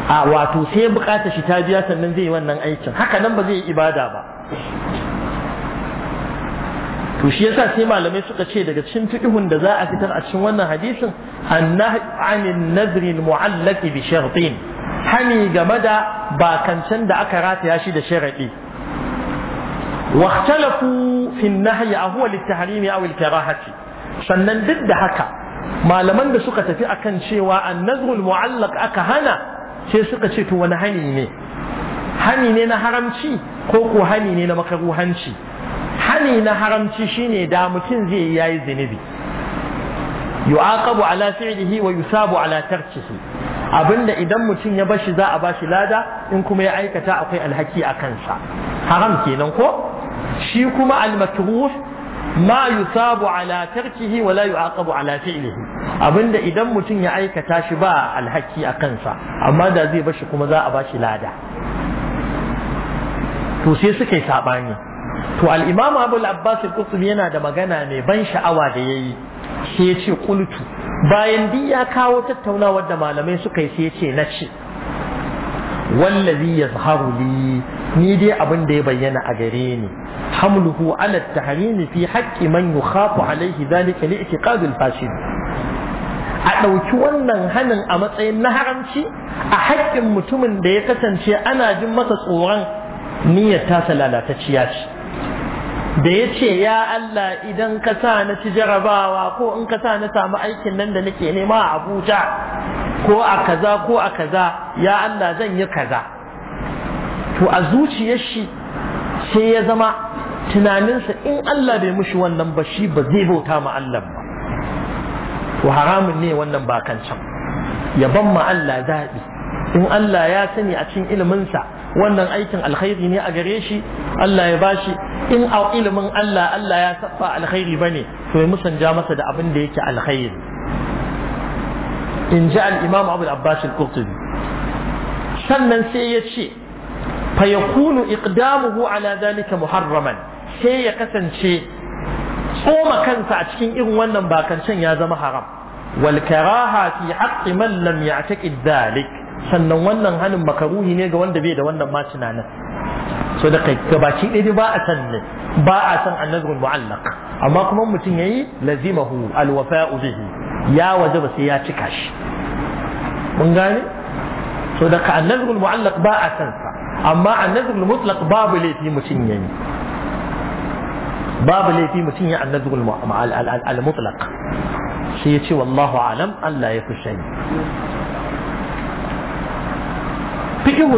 a wato sai bukata shi ta biya sannan zai yi wannan aikin haka nan ba zai yi ibada ba to shi yasa sai malamai suka ce daga cikin fiqhun da za a fitar a cikin wannan hadisin annahu anin nazri mu'allaqi bi shartin hani game da bakancan da aka rataya shi da sharadi واختلفوا في النهي أهو للتحريم أو الكراهة sannan duk da haka malaman da suka tafi akan cewa annazrul mu'allaq aka hana sai suka ce to wani hani ne hani ne na haramci ko ko hani ne na makaruhanci hani na haramci shine da mutum zai yi yayi zunubi yu'aqabu ala fi'lihi wa yusabu ala tarkihi abinda idan mutum ya bashi za a bashi lada in kuma ya aikata akwai alhaki a kansa haram kenan ko shi kuma al-makruh ما sabu على تركه ولا يعاقب على فعله abin abinda idan mutum ya aikata shi ba alhaki a kansa amma da zai bashi kuma za a bashi lada to sai suka yi sabani to al-imam Abu abbas al yana da magana mai ban sha'awa da yayi sai ya ce qultu bayan din ya kawo tattaunawar da malamai suka yi sai ya ce na ce wallazi yazharu li ni dai abin da ya bayyana a gare ni hamluhu alad at-tahrim fi haqqi man yukhafu alayhi dhalika li i'tiqad al a ɗauki wannan hanin a matsayin na haramci a haƙƙin mutumin da ya kasance ana jin masa tsoron niyyar tasa lalatacciya ce da ya ce ya Allah idan ka sa na ci jarabawa ko in ka sa na samu aikin nan da nake nema a Abuja ko a kaza ko a kaza ya Allah zan yi kaza to a zuciyar shi sai ya zama tunaninsa in Allah bai mushi wannan ba shi ba zai bauta ma Allah ba to haramun ne wannan can. ya ban ma Allah zaɓi in Allah ya sani a cikin iliminsa wannan aikin alkhairi ne a gare shi Allah ya bashi in a ilimin Allah Allah ya saba alkhairi bane to ya musanja masa da abin da yake alkhairi in ji al-imam Abu al-Abbas al-Qurtubi sannan sai ya ce fa yakunu iqdamuhu ala dhalika muharraman sai ya kasance tsoma kansa a cikin irin wannan bakancen ya zama haram wal karaha fi haqqi man lam ya'taqid dhalik sannan wannan hanin makaruhi ne ga wanda bai da wannan ma tunanin so da kai gabaci ɗaya ba a san ne ba a san annazrul mu'allaq amma kuma mutum yayi lazimahu alwafa'u bihi ya wajaba sai ya cika shi mun gane so da ka annazrul mu'allaq ba a san sa amma annazrul mutlaq babu laifi mutum yayi babu laifi mutum ya annazul al-mutlaq sai ya ce wallahu alam Allah ya fi sani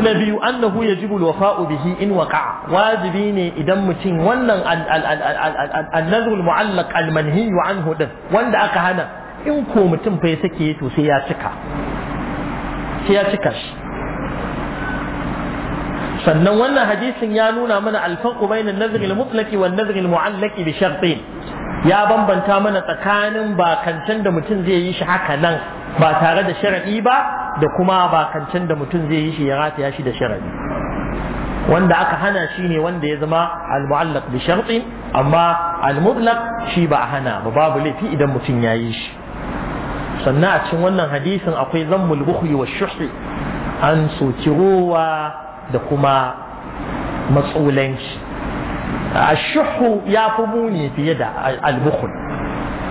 na biyu annahu yajibu wafa'u bihi in waqa'a wajibi ne idan mutum wannan annazul mu'allaq al-manhi anhu din wanda aka hana in ko mutum fa ya sake to sai ya cika sai ya cika shi sannan wannan hadisin ya nuna mana alfarqu bainan nazri al-mutlaqi wan nazri bi ya bambanta mana tsakanin bakancan da mutum zai yi shi haka nan ba tare da shar'i ba da kuma bakancan da mutum zai yi shi ya rataya shi da shar'i wanda aka hana shi ne wanda ya zama al-mu'allaq bi amma al shi ba a hana ba babu laifi idan mutum ya yi shi sannan a cikin wannan hadisin akwai zammul bukhli wa shuhri an soki ruwa da kuma matsulanci ashuhu ya fi muni fiye da albukhul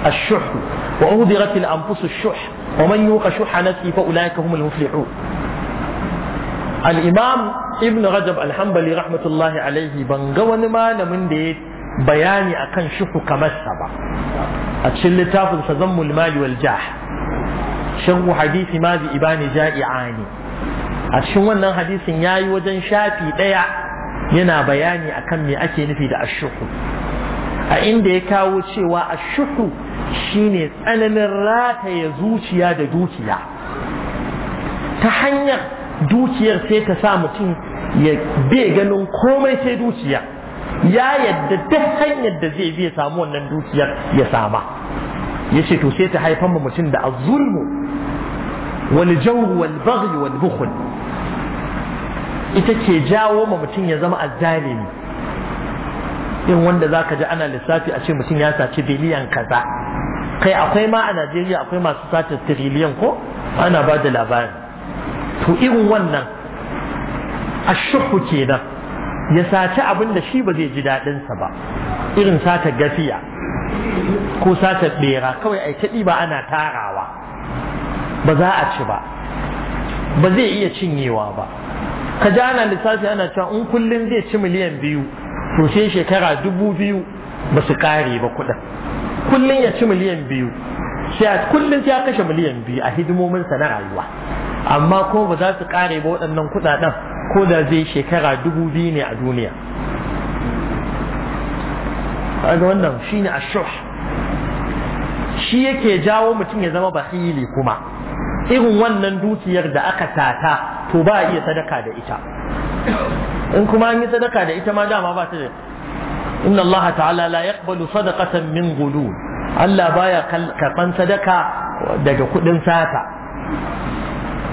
ashuhu wa uhdirat al anfus ashuh wa man yuqa shuha nafsi fa ulaika humul muflihun al imam ibn rajab al hanbali rahmatullahi alaihi ban ga wani malamin da ya bayani akan shuhu kamar sa ba a cikin littafin sa zammul mali wal jah shan hadisi ma bi ibani ja'iani a cikin wannan hadisin ya yi wajen shafi ɗaya yana bayani akan me ake nufi da ashuku a inda ya kawo cewa ashuku shine tsananin rataye zuciya da dukiya ta hanyar dukiyar sai ta sa mutum ya bai ganin komai sai dukiya ya yadda duk hanyar da zai biya samu wannan dukiyar ya sama ya ce to sai ta haifan mutum da azulmu wal jawru wal baghi wal ita ke jawo ma mutum ya zama azzalimi in wanda za ka ji ana lissafi a ce mutum ya saci biliyan kaza kai akwai ma a najeriya akwai masu sace tiriliyan ko ana ba da labari to irin wannan ashuhu kenan ya saci abin da shi ba zai ji daɗinsa ba irin sata gafiya ko sata ɓera kawai a taɗi ba ana tarawa ba za a ci ba ba zai iya cinyewa ba ka ji ana lissafi ana cewa in kullum zai ci miliyan biyu to sai shekara dubu biyu ba su kare ba kuɗin kullum ya ci miliyan biyu sai kullum ya kashe miliyan biyu a hidimominsa na rayuwa amma ko ba za su kare ba waɗannan kuɗaɗen ko da zai shekara dubu biyu ne a duniya kaga wannan shine ashuh shi yake jawo mutum ya zama bahili kuma irin wannan dukiyar da aka tata to ba a iya sadaka da ita in kuma an yi sadaka da ita ma dama ba ta da inna Allah ta'ala la yaqbalu sadaqatan min ghulul Allah baya karban sadaka daga kudin sata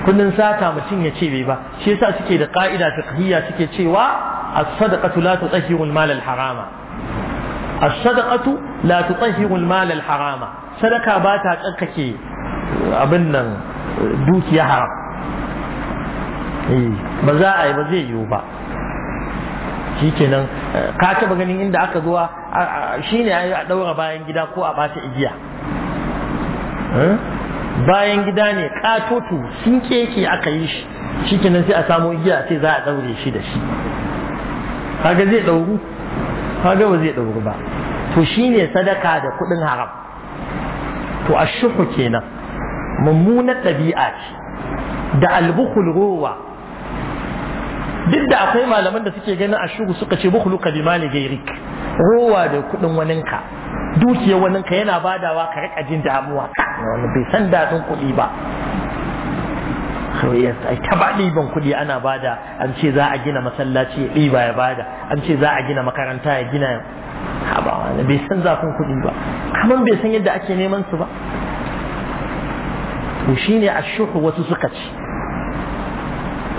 kudin sata mutum ya ce bai ba shi yasa suke da ka'ida tafiya suke cewa as-sadaqatu la tutahhiru al-mal al-harama as-sadaqatu la tutahhiru al-mal al-harama sadaka ba ta tsarkake abin nan dukiya haram Eh, ba za a yi ba zai yiwu ba shi kenan eh, ka taba ganin inda aka zuwa shi ne a yi a ɗaura bayan gida ko a bata igiya eh? bayan gida ne katoto sun keke aka yi shi shi kenan sai a samu igiya sai za a ɗaure shi da shi kaga zai ɗauru kaga ba zai ɗauru ba to shi ne sadaka da kuɗin haram to a shuhu kenan mummunar ɗabi'a ce da albukul rowa duk da akwai malaman da suke ganin ashugu suka ce bukhluka bi mali gairik rowa da kudin waninka dukiyar waninka yana badawa ka rika jin damuwa wani bai san daɗin kuɗi ba kawai ta ba ɗiban kuɗi ana bada an ce za a gina masallaci ya ɗiba ya bada an ce za a gina makaranta ya gina haba wani bai san zafin kuɗi ba kaman bai san yadda ake neman su ba to shine ashuhu wasu suka ce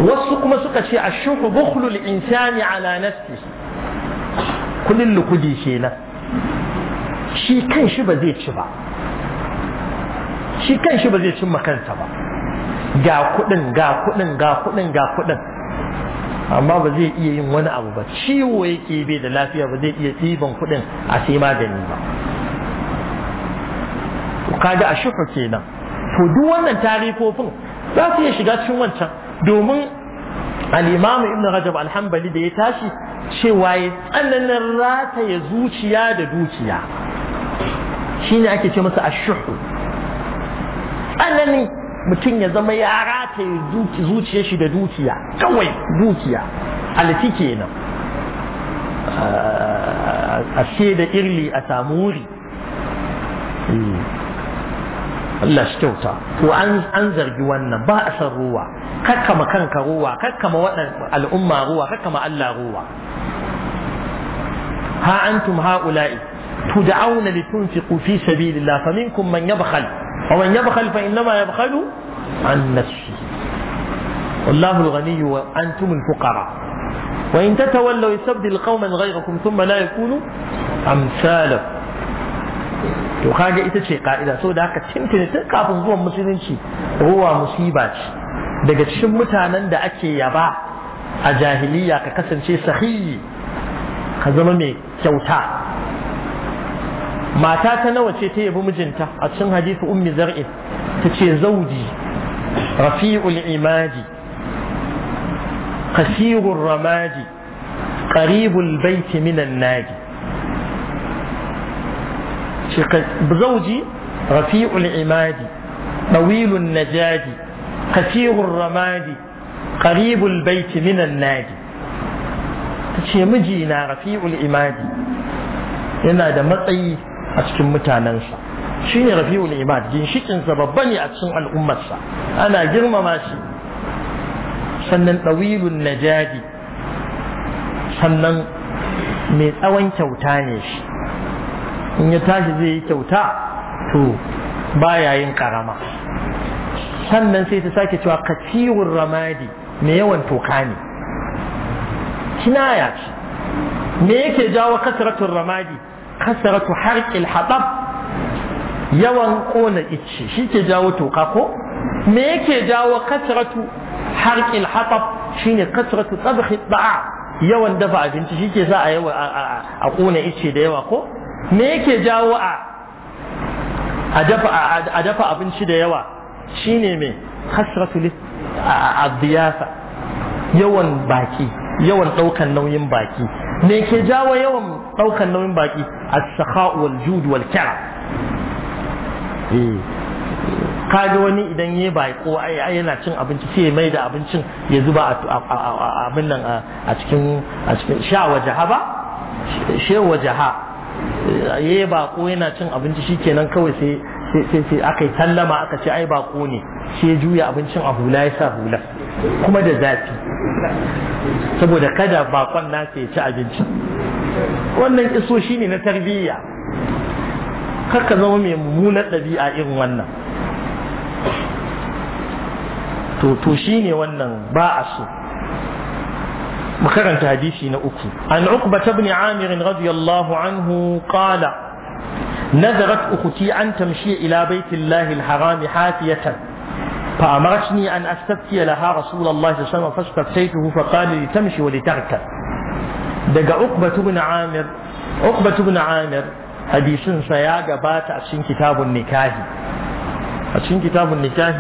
wasu kuma suka ce ashuhu bukhlul insani ala nafsihi kullun lukudi kenan shi kan shi ba zai ci ba shi kan shi ba zai cimma kansa ba ga kudin ga kudin ga kudin ga kudin amma ba zai iya yin wani abu ba ciwo yake bai da lafiya ba zai iya ɗiban kuɗin a sai magani ba kaga a shuka kenan to duk wannan tarifofin za su iya shiga cikin wancan domin al'imamu ibn rajab alhambali da ya tashi cewa ya tsananin rataye zuciya da dukiya shine ake ce masa ashuhu tsananin mutum ya zama ya rataye zuciyar shi da dukiya kawai dukiya alfi kenan a da irli a samuri. Allah shi kyauta to an zargi wannan ba a san ruwa kakkama kanka ruwa kakkama waɗannan al'umma ruwa kakkama Allah ruwa ha antum ha'ula'i تدعون لتنفقوا في سبيل الله فمنكم من يبخل ومن يبخل فإنما يبخل عن نفسه والله الغني وأنتم الفقراء وإن تتولوا يستبدل قوما غيركم ثم لا يكونوا أمثالكم to kaga ita ce ka'ida so da haka tintini tun kafin zuwan musulunci ruwa musiba ce daga cikin mutanen da ake yaba a jahiliya ka kasance sahihi ka zama mai kyauta mata ta nawa ce ta yabi mijinta a cikin hadisi ummi zar'in ta ce zauji rafi'ul imaji kasirun ramaji qaribul baiti minan zauji rafi'ul imadi ɗawilun najadi kasirun ramadi qaribul baiti nadi ta ce mijina rafi'ul imadi yana da matsayi a cikin mutanensa shi ne rafi'ul imad ginshikinsa babba ne a cikin al'ummarsa ana girmama shi sannan ɗawilun najadi sannan mai tsawon kyauta ne shi in ya tashi zai yi kyauta to baya yin karama sannan sai ta sake cewa kasirun ramadi mai yawan toka ne kinaya ce me yake jawo kasaratun ramadi kasaratu harƙil haɗab yawan ƙona ice shi ke jawo toka ko me yake jawo kasaratu harƙil haɗab shine kasaratu tsabhi ba'a yawan dafa abinci shi ke sa a yawa a ƙona ice da yawa ko me yake jawo a a dafa abinci da yawa shine mai hasratul abdiyasa yawan baki yawan daukan nauyin baki me ke jawo yawan daukan nauyin baki as sakhau wal jud wal kara eh. kaga wani idan ya ko ai yana cin abinci sai mai da abincin ya zuba abin nan a cikin a cikin sha wajaha ba waje wajaha yayi bako yana cin abinci shikenan kawai sai sai sai aka yi sallama aka ce ai bako ne sai ya juya abincin a hula ya sa hula kuma da zafi saboda kada bakon nasa ya ci abinci. wannan iso ne na tarbiyya kakka zama mai mummunar ɗabi'a irin wannan to to shine wannan ba a so مكرنت حديثي نأكو عن عقبة بن عامر رضي الله عنه قال نذرت أختي أن تمشي إلى بيت الله الحرام حافية فأمرتني أن أستفتي لها رسول الله صلى الله عليه وسلم فاستفتيته فقال لتمشي ولتركب دق عقبة بن عامر عقبة بن عامر حديث سياق بات أشين كتاب النكاه أشين كتاب النكاه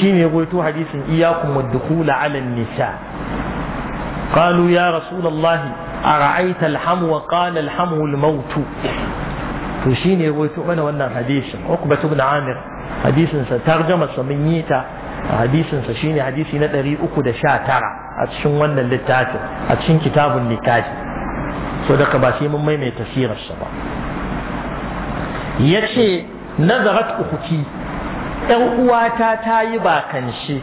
شيني يقول حديث إياكم والدخول على النساء قالوا يا رسول الله أرأيت الحم وقال الحم الموت وشيني رويتو أنا وانا حديث عقبة بن عامر حديث ترجمة سمينيتا حديث شيني حديث نتري أكد شاترة أتشن وانا للتاتي أتشن كتاب النكاج صدق باسي من ميمي تسير السبا يتشي نظرت أختي ‘yan uwata ta yi bakanshi,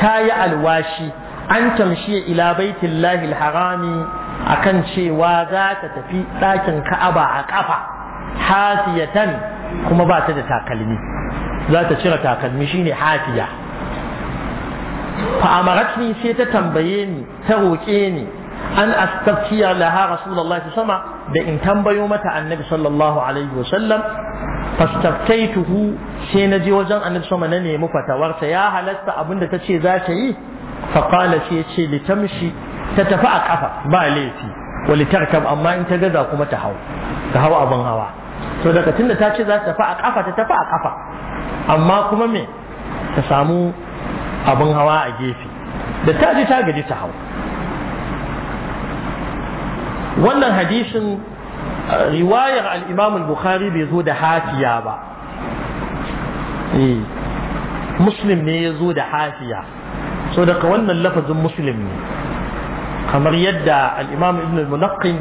ta yi alwashi’ an tamshi ila baitin lahil harami akan cewa za ta tafi ɗakin ka'aba a ƙafa hasiyatan kuma ba ta da takalmi za ta cire takalmi shine hafiya fa'amaratni sai ta tambaye ni ta roƙe ni an astaftiya laha rasulullahi sama da in tambayo mata annabi sallallahu alaihi wasallam fastaftaituhu sai na je wajen annabi sama na nemi fatawarsa ya halatta abinda ta ce za ta yi faƙala sai ya ce litamshi ta tafi a ƙafa ba laifi wa litarkab amma in ta gaza kuma ta hau ta hau abin hawa to daga tunda ta ce za ta tafi a ƙafa ta tafi a ƙafa amma kuma me ta samu abin hawa a gefe da ta ji ta gaji ta hau wannan hadisin riwayar al-imam al-bukhari bai zo da hafiya ba muslim ne ya zo da hafiya so daga wannan lafazin muslim kamar yadda al-imam ibn al-munaqqin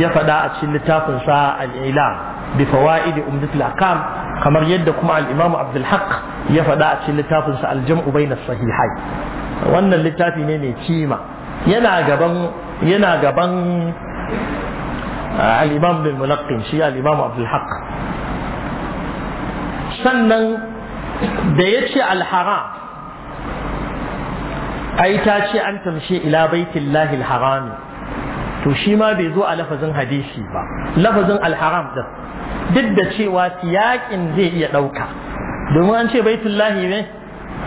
ya fada a cikin littafin sa al-ilam bi fawaid umdat al-ahkam kamar yadda kuma al-imam abd al haq ya fada a cikin littafin sa al-jam'u bayna sahihai wannan littafi ne mai cima yana gaban yana gaban al-imam ibn al-munaqqin shi al-imam abd al haq sannan da yace al-haram ai ta ce an tamshe ila baitin lahil harami to shi ma bai zo a lafazin hadisi ba lafazin alharam din duk da cewa tiyakin zai iya ɗauka domin an ce baitin lahi ne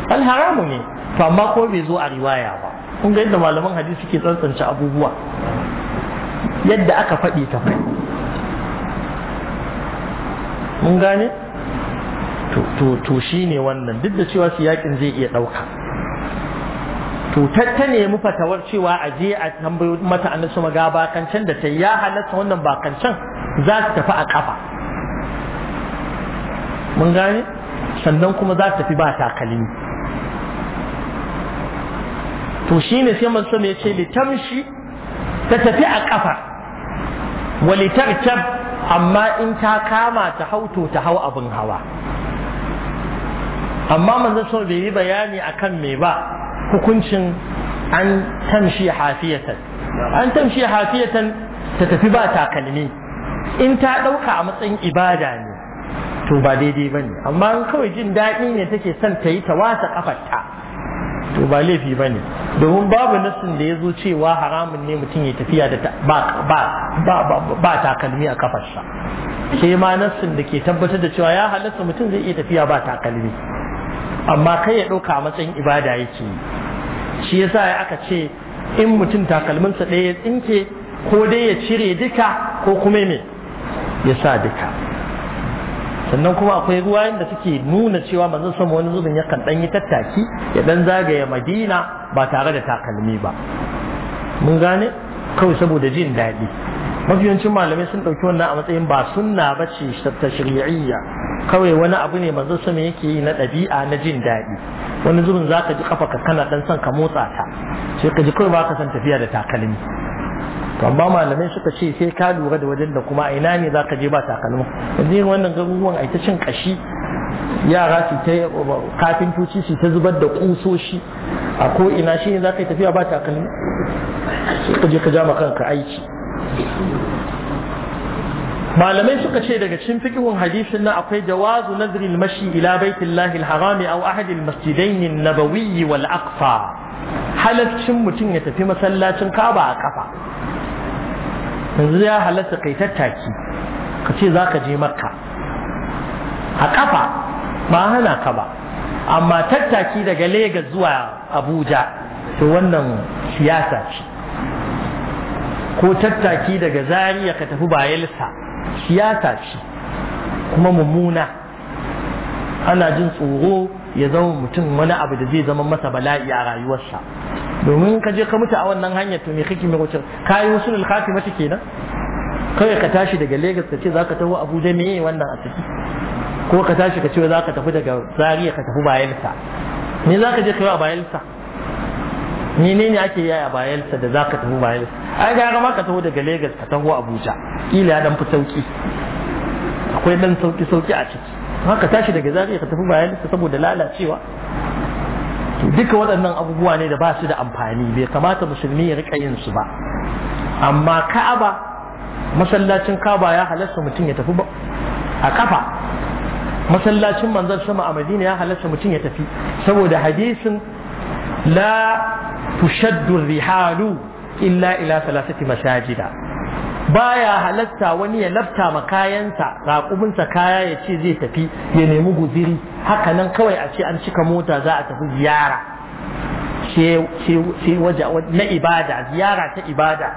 alharamu ne to amma ko bai zo a riwaya ba kun ga yadda malaman hadisi ke tsantsance abubuwa yadda aka faɗi ta fai mun gane to to shi ne wannan duk da cewa siyakin zai iya ɗauka cutar ta nemi fatawar cewa a je a tambayo mata an su maga da ta ya halatta wannan bakancan za su tafi a kafa mun gane sannan kuma za ta tafi ba takalmi to shine sai manzo ya ce litamshi ta tafi a kafa walitarkab amma in ta kama ta hauto ta hau abin hawa amma so bai yi bayani akan me ba hukuncin an tamshi hafiyatan an tamshi hafiyatan ta tafi ba takalmi in ta ɗauka a matsayin ibada ne to ba daidai ba ne amma in kawai jin daɗi ne take son ta yi ta wasa ƙafarta to ba laifi ba ne domin babu nassin da ya zo cewa haramun ne mutum ya tafiya da ba takalmi a kafarsa sai ma nassin da ke tabbatar da cewa ya halatta mutum zai iya tafiya ba takalmi amma kai ya ɗauka a matsayin ibada yake shi yasa ya aka ce in mutum takalminsa ɗaya ya tsinke ko dai ya cire duka ko kuma me ya sa duka sannan kuma akwai ruwa da suke nuna cewa manzon sama wani zubin yakan ɗan yi tattaki ya ɗan zagaya madina ba tare da takalmi ba mun gane kawai saboda jin daɗi mafiyancin malamai sun ɗauki wannan a matsayin ba sunna ba ce ta shari'iyya kawai wani abu ne manzo sama yake yi na ɗabi'a na jin daɗi wani zubin za ka ji kafa ka kana ɗan son ka motsa ta sai ka ji kawai ba ka san tafiya da takalmi to amma malamai suka ce sai ka lura da wajen da kuma a ina ne za ka je ba takalmi yanzu yin wannan garuruwan a ta cin kashi yara su ta tuci su ta zubar da kusoshi a ko ina shi ne za ka yi tafiya ba takalmi sai ka je ka ja ma kanka aiki malamai suka ce daga cikin fikihun hadisin nan akwai jawazu nazril mashi ila baitillahi al-harami aw ahad al an-nabawi wal aqsa halaccin mutum ya tafi masallacin Kaaba a kafa yanzu ya halatta kai tattaki ka ce zaka je Makka a kafa ba hana ka ba amma tattaki daga Lagos zuwa Abuja to wannan siyasa ce ko tattaki daga Zaria ka tafi Bayelsa siyasa ce kuma mummuna ana jin tsoro ya zama mutum wani abu da zai zama masa bala'i a rayuwarsa domin ka je ka mutu a wannan hanyar to me kake mai wucin kayi usulul khatimati kenan kawai ka tashi daga Lagos ka ce za ka tafi Abuja me wannan a ko ka tashi ka ce za ka tafi daga Zaria ka tafi Bayelsa me ka je kai a Bayelsa ne ake yaya bayansa da zaka tafi bayansa ai ga ka taho daga Lagos ka taho Abuja kila ya dan fi sauki akwai dan sauki sauki a ciki haka tashi daga Zariya ka tafi bayansa saboda lalacewa duka waɗannan abubuwa ne da ba su da amfani bai kamata musulmi ya rika yin su ba amma Ka'aba masallacin Ka'aba ya halarta mutum ya tafi a kafa masallacin manzon sama a Madina ya halarta mutum ya tafi saboda hadisin la tushaddu rihalu illa ila salasati masajida baya halatta wani ya lafta ma kayansa raƙuminsa kaya ya ce zai tafi ya nemi guziri haka nan kawai a ce an cika mota za a tafi ziyara ce waje na ibada ziyara ta ibada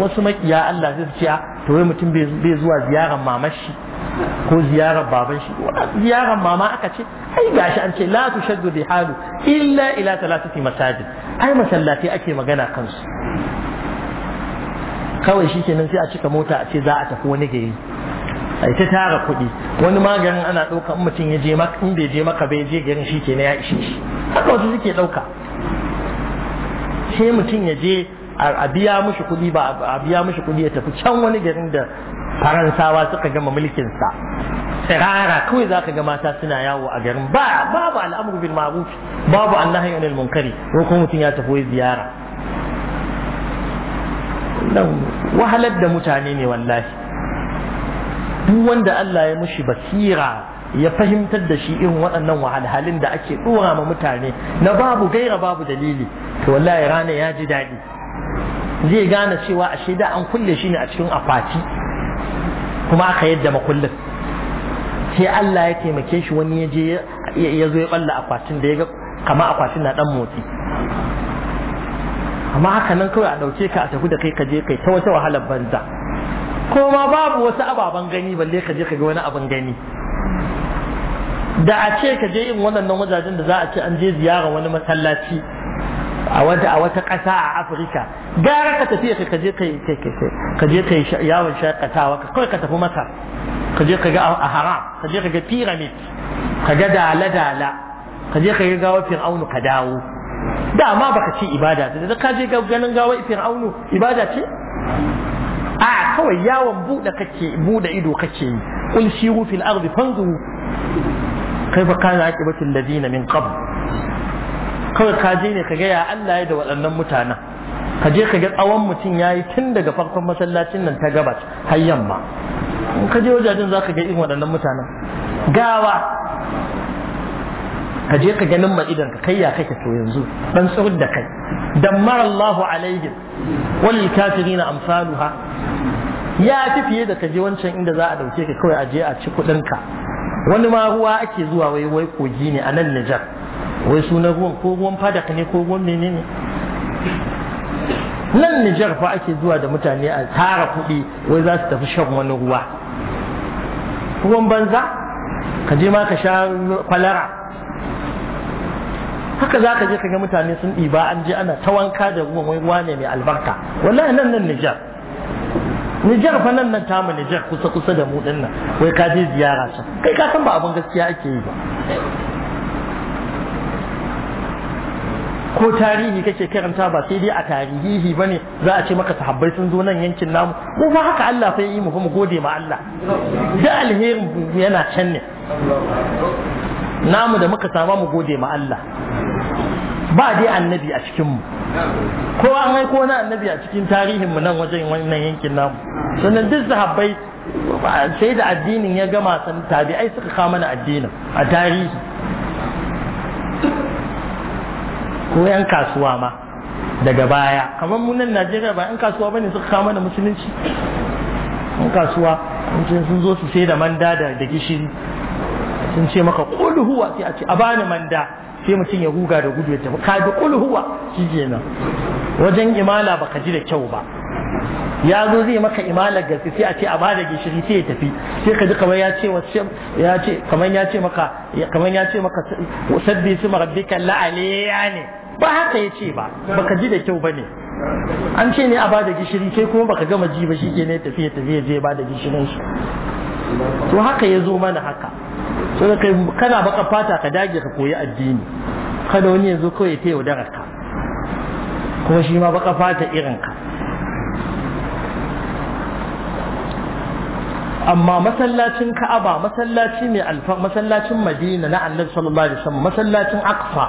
wasu makiya Allah zai ce ah, to mutum bai zuwa ziyarar mamashi ko ziyarar baban shi ziyarar mama aka ce ai gashi an ce la tushaddu halu illa ila thalathati masajid ai masallatai ake magana kansu kawai shi kenan sai a cika mota a ce za a tafi wani gari a ta tara kuɗi wani maganin ana ɗauka in mutum ya je maka in bai je maka bai je garin shi kenan ya ishe shi haka wasu suke ɗauka sai mutum ya je a biya mushi kuɗi ba a biya mushi kuɗi ya tafi can wani garin da faransawa suka gama mulkinsa tsirara kawai zaka ga mata suna yawo a garin ba babu al'amuru bil ma'ruf babu annahi anil munkari ko kuma mutum ya tafi ziyara nan wahalar da mutane ne wallahi duk wanda Allah ya mushi basira ya fahimtar da shi irin waɗannan wahalhalin da ake ɗora ma mutane na babu gaira babu dalili to wallahi rana ya ji daɗi zai gane cewa ashe da an kulle shi ne a cikin akwati kuma aka yadda makullin sai Allah ya taimake shi wani ya je ya zo ya balla akwatin da ya ga kama akwatin na dan motsi amma haka nan kawai a dauke ka a tafi da kai ka je kai ta wata wahalar banza kuma babu wasu ababen gani balle ka je ka ga wani abin gani da a ce ka je yin waɗannan wajajen da za a ce an je ziyara wani masallaci a wata a wata ƙasa a Afirka gara ka tafi ka kaje kai ka je kai yawon shaƙatawa ka kai ka tafi maka ka je ka ga a haram ka je ka ga pyramid ka ga dala dala ka je ka ga gawa fir'aunu ka dawo dama baka ci ibada da ka je ganin gawa fir'aunu ibada ce a kawai yawon buɗe kake buɗe ido kake yi kul shiru fil ardi fanzuru kaifa kana aqibatul ladina min qabl kawai ka je ne ka gaya Allah ya da waɗannan mutanen ka je ka ga tsawon mutum ya yi tun daga farkon masallacin nan ta gabas har yamma in ka je wajajen za ka ga irin waɗannan mutanen gawa ka je ka ganin ma'idan ka kai ya kake to yanzu dan tsawon da kai dammar Allahu alaihim wal kafirin amsaluha ya fi fiye da ka je wancan inda za a dauke ka kawai a je a ci kudin ka wani ma ruwa ake zuwa wai wai kogi ne a nan Nijar wai suna ruwan ko ruwan fadaka ne ko ruwan menene nan Nijar fa ake zuwa da mutane a tara kuɗi wai za su tafi shan wani ruwa ruwan banza ka je ma ka sha kwalara haka za ka je ka ga mutane sun ɗiba an je ana ta wanka da ruwan wai ruwa ne mai albarka wallahi nan nan Nijar Nijar fa nan nan tamu Nijar kusa kusa da mu dinnan wai ka je ziyara can kai ka san ba abin gaskiya ake yi ba ko tarihi kake karanta ba sai dai a tarihi ne za a ce maka sahabbai sun zo nan yankin namu ko ba haka Allah sai yi mu fa mu gode ma Allah da alherin yana can ne namu da muka sama mu gode ma Allah ba dai annabi a cikin mu ko an aiko na annabi a cikin tarihin mu nan wajen wannan yankin namu sannan duk sahabbai sai da addinin ya gama san tabi'ai suka kama mana addinin a tarihi ko 'yan kasuwa ma daga baya kamar munan najeriya ba 'yan kasuwa ba ne suka kama da musulunci 'yan kasuwa sun zo su sai da manda da gishiri sun ce maka kul sai a ce a bani manda sai mutum ya guga da gudu ya tafi ka ji huwa shi kenan wajen imala baka ji da kyau ba ya zo zai maka imalar gaske sai a ce a bada gishiri sai ya tafi sai ka ji kamar ya ce wasu ya ce kamar ya ce maka kamar ya ce maka sabbi su rabbika la'aliya ne ba haka ya ce ba baka ji da kyau ba ne an ce ne a bada gishiri sai kuma baka gama ji ba shike ne tafi ya tafi ya je bada gishirin shi to haka ya zo mana haka so da kai kana baka fata ka dage ka koyi addini kada wani ya zo kawai ya taya ka kuma shi ma baka fata irin ka amma masallacin ka'aba masallaci mai alfar masallacin madina na annabi sallallahu alaihi wasallam masallacin Akfa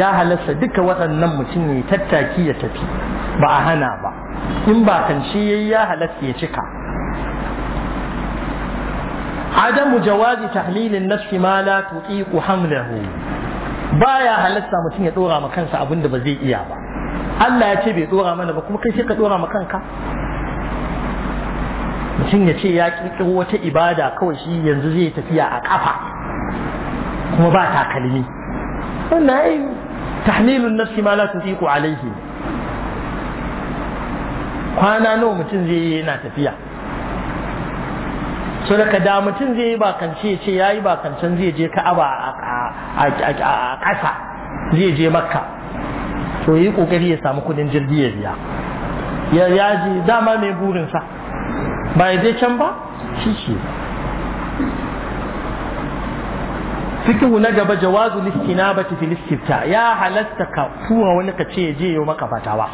ya halasta duka waɗannan mutum ne tattaki ya tafi ba a hana ba in ba kan shi yayi ya halasta ya cika adamu jawazi tahlilin nafsi ma la tuqiqu hamlahu baya halasta mutum ya dora ma kansa abin da ba zai iya ba Allah ya ce bai dora mana ba kuma kai sai ka dora ma kanka mutum ya ce ya ƙirƙiro wata ibada kawai shi yanzu zai tafiya a ƙafa kuma ba takalmi wannan ai tahmilun nafsi ma la tutiqu alaihi kwana nawa mutum zai yi yana tafiya so daga da mutum zai yi bakance ce ya yi bakancen zai je ka'aba a ƙasa zai je makka to yi ƙoƙari ya samu kudin jirgi ya biya ya ji dama mai burinsa ba ya je can ba shi ce. fikihu na gaba jawazu listinabati fil istifta ya halatta ka tura wani ka ce je yau maka fatawa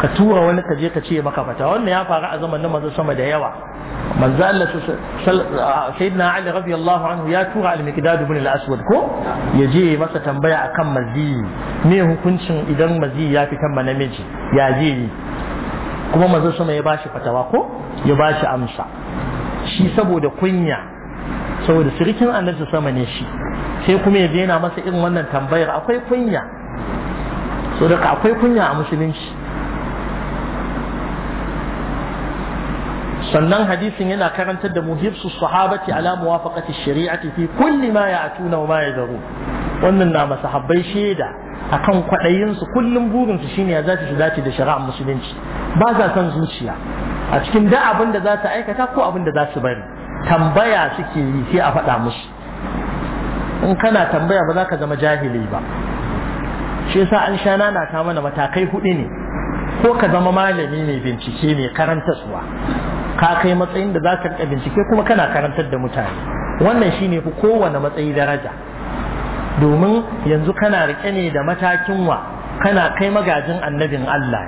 ka tura wani ka je ka ce maka fatawa wannan ya faru a zamanin manzo sama da yawa manzo Allah sayyidina Ali radiyallahu anhu ya tura al-miqdad ibn al-aswad ko ya je masa tambaya akan mazi me hukuncin idan mazi ya fita ma namiji ya je kuma manzo sama ya bashi fatawa ko ya bashi amsa shi saboda kunya saboda sirikin annabi sama ne shi sai kuma ya yana masa irin wannan tambayar akwai kunya saboda akwai kunya a musulunci sannan hadisin yana karantar da mu hibsu sahabati ala muwafaqati shari'ati fi kulli ma ya'tuna wa ma yadharu wannan na masahabbai shaida akan kwaɗayinsu kullum burinsu shine ya za su dace da shari'ar musulunci ba sa son zuciya a cikin da abin da za su aikata ko abin da za su bari tambaya suke yi sai a faɗa musu in kana tambaya ba za ka zama jahili ba shi yasa an sha nana ta mana matakai hudu ne ko ka zama malami mai bincike mai karanta suwa ka kai matsayin da za ka bincike kuma kana karantar da mutane wannan shine fi kowane matsayi daraja domin yanzu kana rike ne da matakin wa kana kai magajin annabin Allah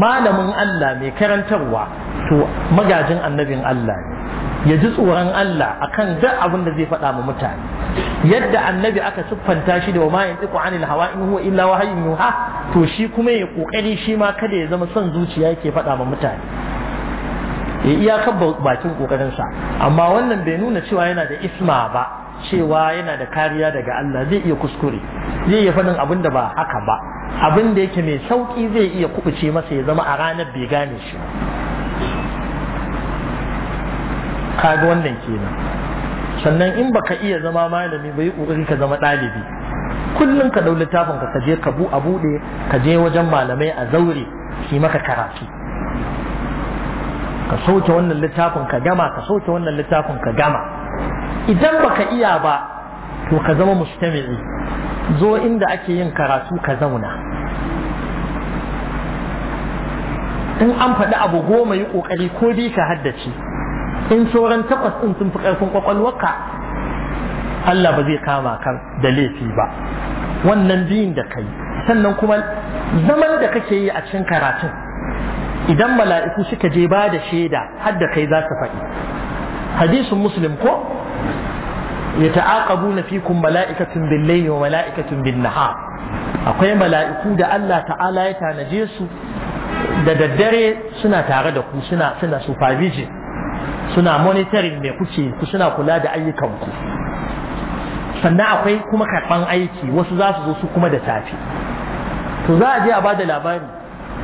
malamin Allah mai karantarwa to magajin annabin Allah ne ya ji tsoron Allah akan duk abin da zai faɗa ma mutane yadda annabi aka siffanta shi da wa mayin tsiku anil hawa in huwa illa wahayin yuha to shi kuma ya kokari shi ma kada ya zama son zuciya yake faɗa ma mutane ya iyakar bakin ƙoƙarinsa amma wannan bai nuna cewa yana da isma ba cewa yana da kariya daga Allah zai iya kuskure zai iya faɗin abin da ba haka ba abin da yake mai sauki zai iya kubuce masa ya zama a ranar bai gane shi kaga wannan kenan sannan in baka iya zama malami bai kokari ka zama ɗalibi kullum ka dau littafin ka je ka bu a buɗe ka je wajen malamai a zaure ki maka karatu ka sauke wannan littafin ka gama ka sauke wannan littafin ka gama idan baka iya ba to ka zama mustami'i zo inda ake yin karatu ka zauna in an faɗi abu goma yi ƙoƙari ko dai ka haddace in sauran takwas ɗin sun fi ƙarfin ƙwaƙwalwarka Allah ba zai kama kan da laifi ba wannan biyun da kai sannan kuma zaman da kake yi a cikin karatun idan mala'iku suka je ba da shaida har da kai za su faɗi hadisin muslim ko yata'aqabuna fikum mala'ikatun bil wa mala'ikatun bin akwai mala'iku da Allah ta'ala ya tanaje su da daddare suna tare da ku suna suna supervision suna monitoring me kuke ku suna kula da ayyukanku sannan akwai kuma karɓan aiki wasu za su zo su kuma da safe to za a je a ba da labari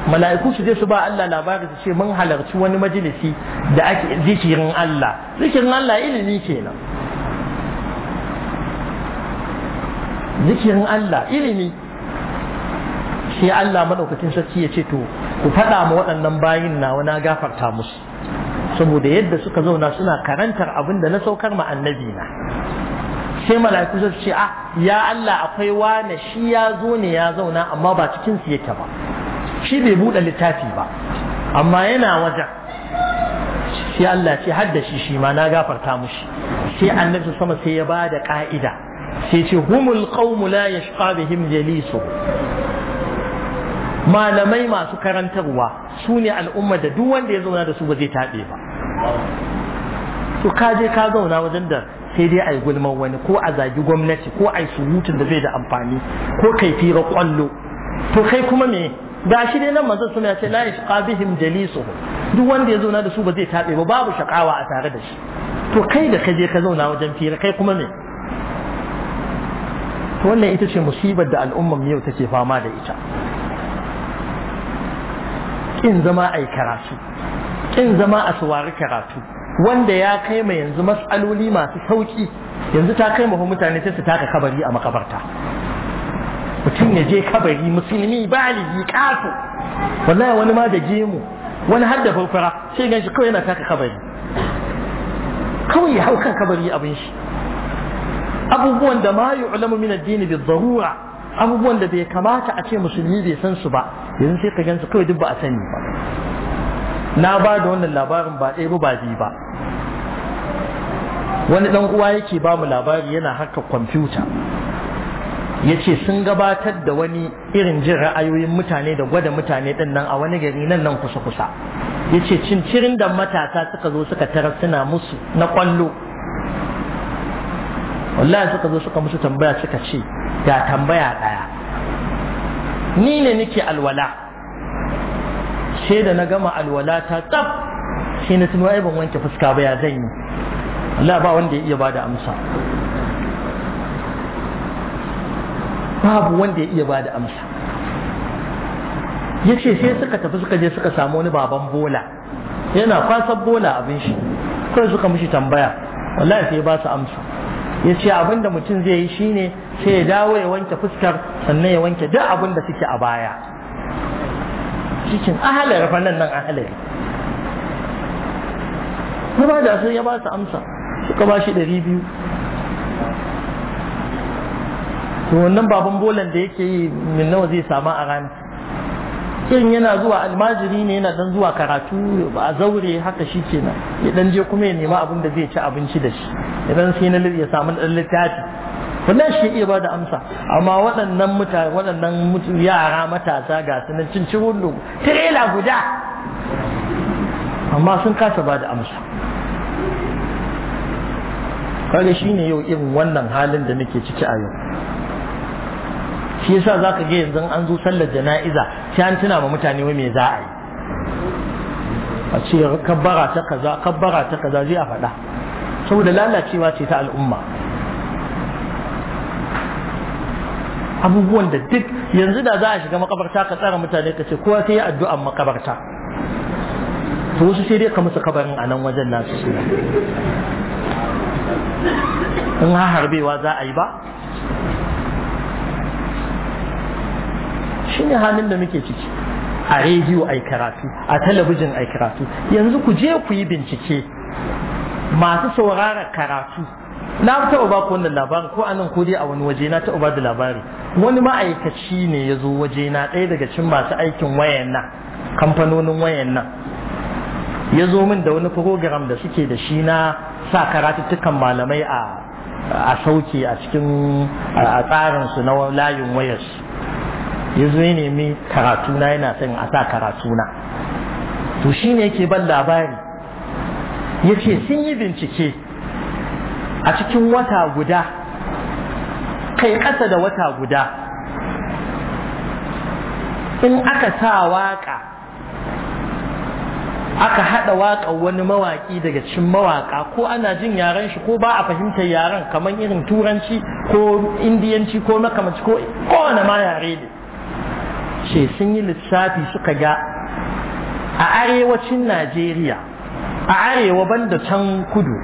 mala'iku su je su ba Allah labari su ce mun halarci wani majalisi da ake zikirin Allah zikirin Allah ilimi kenan zikirin Allah ilimi sai Allah madaukakin sarki ya ce to ku faɗa ma waɗannan bayin nawa na gafarta musu saboda yadda suka zauna suna karantar abin da na saukar ma annabi na sai mala'iku su ce ah ya Allah akwai wane shi ya zo ne ya zauna amma ba cikin su yake ba shi bai buɗe littafi ba amma yana wajen sai Allah ce hadda shi shi ma na gafarta mushi sai annabi sama sai ya bada ka'ida sai ce humul qaumu la yashqa bihim jalisu malamai masu karantarwa su ne al'umma da duk wanda ya zauna da su ba zai taɓe ba to ka je ka zauna wajen da sai dai a gulman wani ko a zagi gwamnati ko a yi surutun da zai da amfani ko kai fira kwallo to kai kuma me Ga shi dai nan manzo suna ce la yashqa bihim jalisuhum duk wanda ya zauna da su ba zai tabe ba babu shakawa a tare da shi to kai da kaje ka zauna wajen fira kai kuma me to wannan ita ce musibar da al'ummar yau take fama da ita kin zama ai karatu kin zama a suwari karatu wanda ya kai ma yanzu mas'aloli masu sauƙi, yanzu ta kai ma mutane sai su taka kabari a makabarta mutum ya je kabari musulmi baligi kafu wallahi wani ma da gemu wani har da farfara sai gan shi kawai yana taka kabari kawai ya hau kan kabari abin shi abubuwan da ma yu'lamu min ad-din bi darura abubuwan da bai kamata a ce musulmi bai san su ba yanzu sai ka gansu kawai duk ba a sani ba na ba da wannan labarin ba ɗaya ba biyu ba wani dan uwa yake ba mu labari yana harkar kwamfuta ya ce sun gabatar da wani irin jin ra'ayoyin mutane da gwada mutane ɗin nan a wani gari nan nan kusa-kusa ya ce cincirin da matasa suka zo suka tarar suna musu na kwallo wallahi suka zo suka musu tambaya suka ce ga tambaya ɗaya ni ne nake alwala sai da na gama alwala ta tsaf sai na tuno ai ban wanke fuska ba ya zan yi Allah ba wanda ya iya bada amsa babu wanda ya iya ba da amsa ya ce sai suka tafi suka je suka samu wani baban bola yana kwasan bola abin shi kawai suka mushi tambaya wallahi sai ba su amsa ya ce abin da mutum zai yi shine sai ya dawo ya wanke fuskar sannan ya wanke duk abin da suke a baya cikin ahalar fannin nan ahalari ya ba da ya ba su amsa suka ba shi ɗari biyu to wannan baban bolan da yake yi min nawa zai samu a rana irin yana zuwa almajiri ne yana dan zuwa karatu a zaure haka shi kenan ya dan je kuma ya nema abin da zai ci abinci da shi idan sai na ya samu dan littafi wannan shi iya bada amsa amma waɗannan mutane waɗannan yara matasa ga su cin ciwon lungu tirela guda amma sun kasa bada amsa kaga shine yau irin wannan halin da nake ciki a yau shi yasa zaka ga yanzu an zo sallar jana'iza sai an tuna ma mutane wai me za a yi a ce kabbara ta kaza kabbara ta kaza zai a faɗa saboda lalacewa ce ta al'umma abubuwan da duk yanzu da za a shiga makabarta ka tsara mutane ka ce kowa sai yi addu'an makabarta to wasu sai dai ka musu kabarin a nan wajen nasu suna in harbewa za a yi ba shine halin da muke ciki a rediyo ai karatu a talabijin ai karatu yanzu ku je ku yi bincike masu saurara karatu na taɓa ba ku wannan labarin ko anan ko dai a wani waje na taɓa ba da labari wani ma'aikaci ne ya zo waje na ɗaya daga cikin masu aikin wayan nan kamfanonin wayan nan ya zo min da wani program da suke da shi na sa karatuttukan malamai a a sauke a cikin a tsarin su na layin wayarsu Yanzu ya nemi karatuna yana son a sa karatuna to shi ne yake ban labari ya ce sun yi bincike a cikin wata guda kai ƙasa da wata guda in aka sa waƙa aka haɗa waƙa wani mawaƙi daga cikin mawaƙa ko ana jin yaren shi ko ba a fahimtar yaren kamar irin turanci ko indiyanci ko makamanci ko wane ma yare ne ce sun yi lissafi suka ga a arewacin najeriya a arewa banda can kudu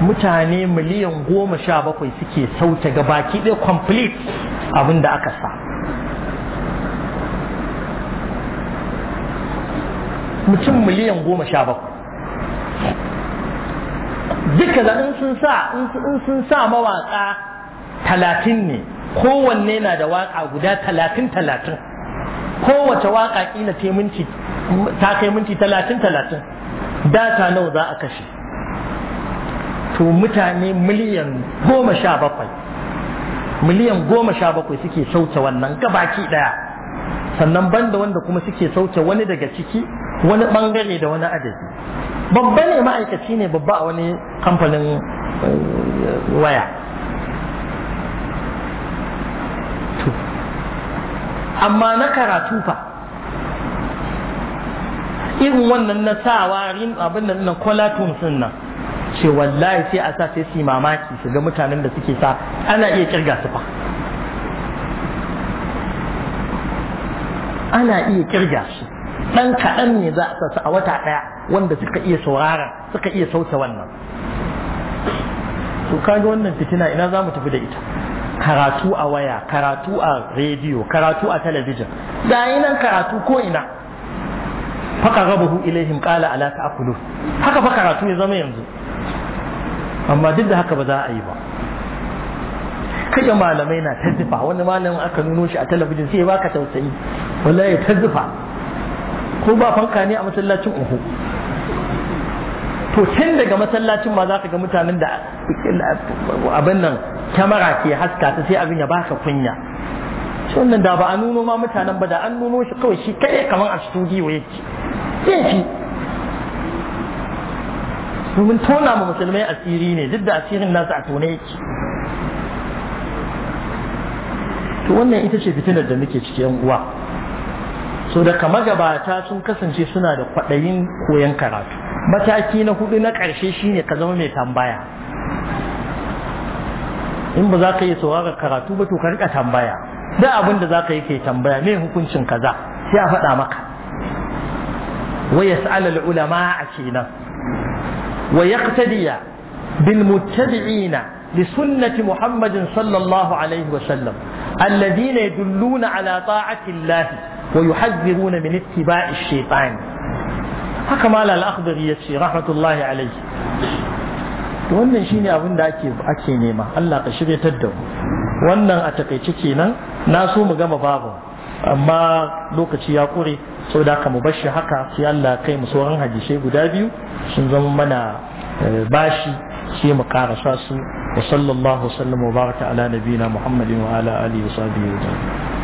mutane miliyan goma sha bakwai suke sauke ga baki ɗaya complete abin da aka sa mutum miliyan goma sha bakwai duka da in sun sa in sun sa mawaƙa talatin ne kowanne na da waka guda talatin talatin kowace waka kila ta ta kai minti talatin talatin data nawa za a kashe to mutane miliyan goma sha bakwai miliyan goma sha bakwai suke sauce wannan gabaki daya sannan banda wanda kuma suke sauce wani daga ciki wani bangare da wani adadi babba ne ma'aikaci ne babba a wani kamfanin eh, waya karatu amma na karatu fa irin wannan na sawa rin abin nan na kwalatun sun nan ce wallahi sai a sa sai su mamaki su ga mutanen da suke sa ana iya kirga su fa ana iya kirga su ɗan kaɗan ne za a sa su a wata ɗaya wanda suka iya saurara suka iya sauke wannan to kaga wannan fitina ina za mu tafi da ita karatu a waya karatu a rediyo karatu a talabijin da yi nan karatu ko ina faka rabahu ilaihim qala ala ta'kulu haka fa karatu ya zama yanzu amma duk da haka ba za a yi ba kaga malamai na tazzifa wani malamin aka nuno shi a talabijin sai baka tausayi wallahi tazzifa ko ba fanka ne a masallacin uhu to tun daga masallacin ma za ka ga mutanen da abin nan kyamara ke haska ta sai abin ya baka kunya shi wannan da ba a nuno ma mutanen ba da an nuno shi kawai shi kare kamar a studio yake sai domin tona ma musulmai asiri ne duk da asirin nasu a tone yake to wannan ita ce fitinar da muke ciki yan uwa so da kama gabata sun kasance suna da kwaɗayin koyon karatu mataki na hudu na ƙarshe shine ka zama mai tambaya in ba za ka yi saurara karatu ba to ka rika tambaya da abin da za ka yi ke tambaya me hukuncin kaza sai a faɗa maka wa yas'al ulama a kenan wa yaqtadiya bil muttabi'ina li sunnati muhammadin لسنة محمد صلى الله عليه وسلم الذين يدلون على طاعة الله ويحذرون من اتباع الشيطان هكما الأخضر akhdari رحمة rahmatullahi عليه wannan shine abin da ake ake nema Allah ka shiryatar da mu wannan a takaice kenan na so mu gama babu amma lokaci ya kure sau da mu bashi haka sai Allah kai mu sauran hadisai guda biyu sun zama mana eh, bashi sai mu karasa su wa sallallahu sallam wa baraka ala nabiyina muhammadin wa ala alihi wa sahbihi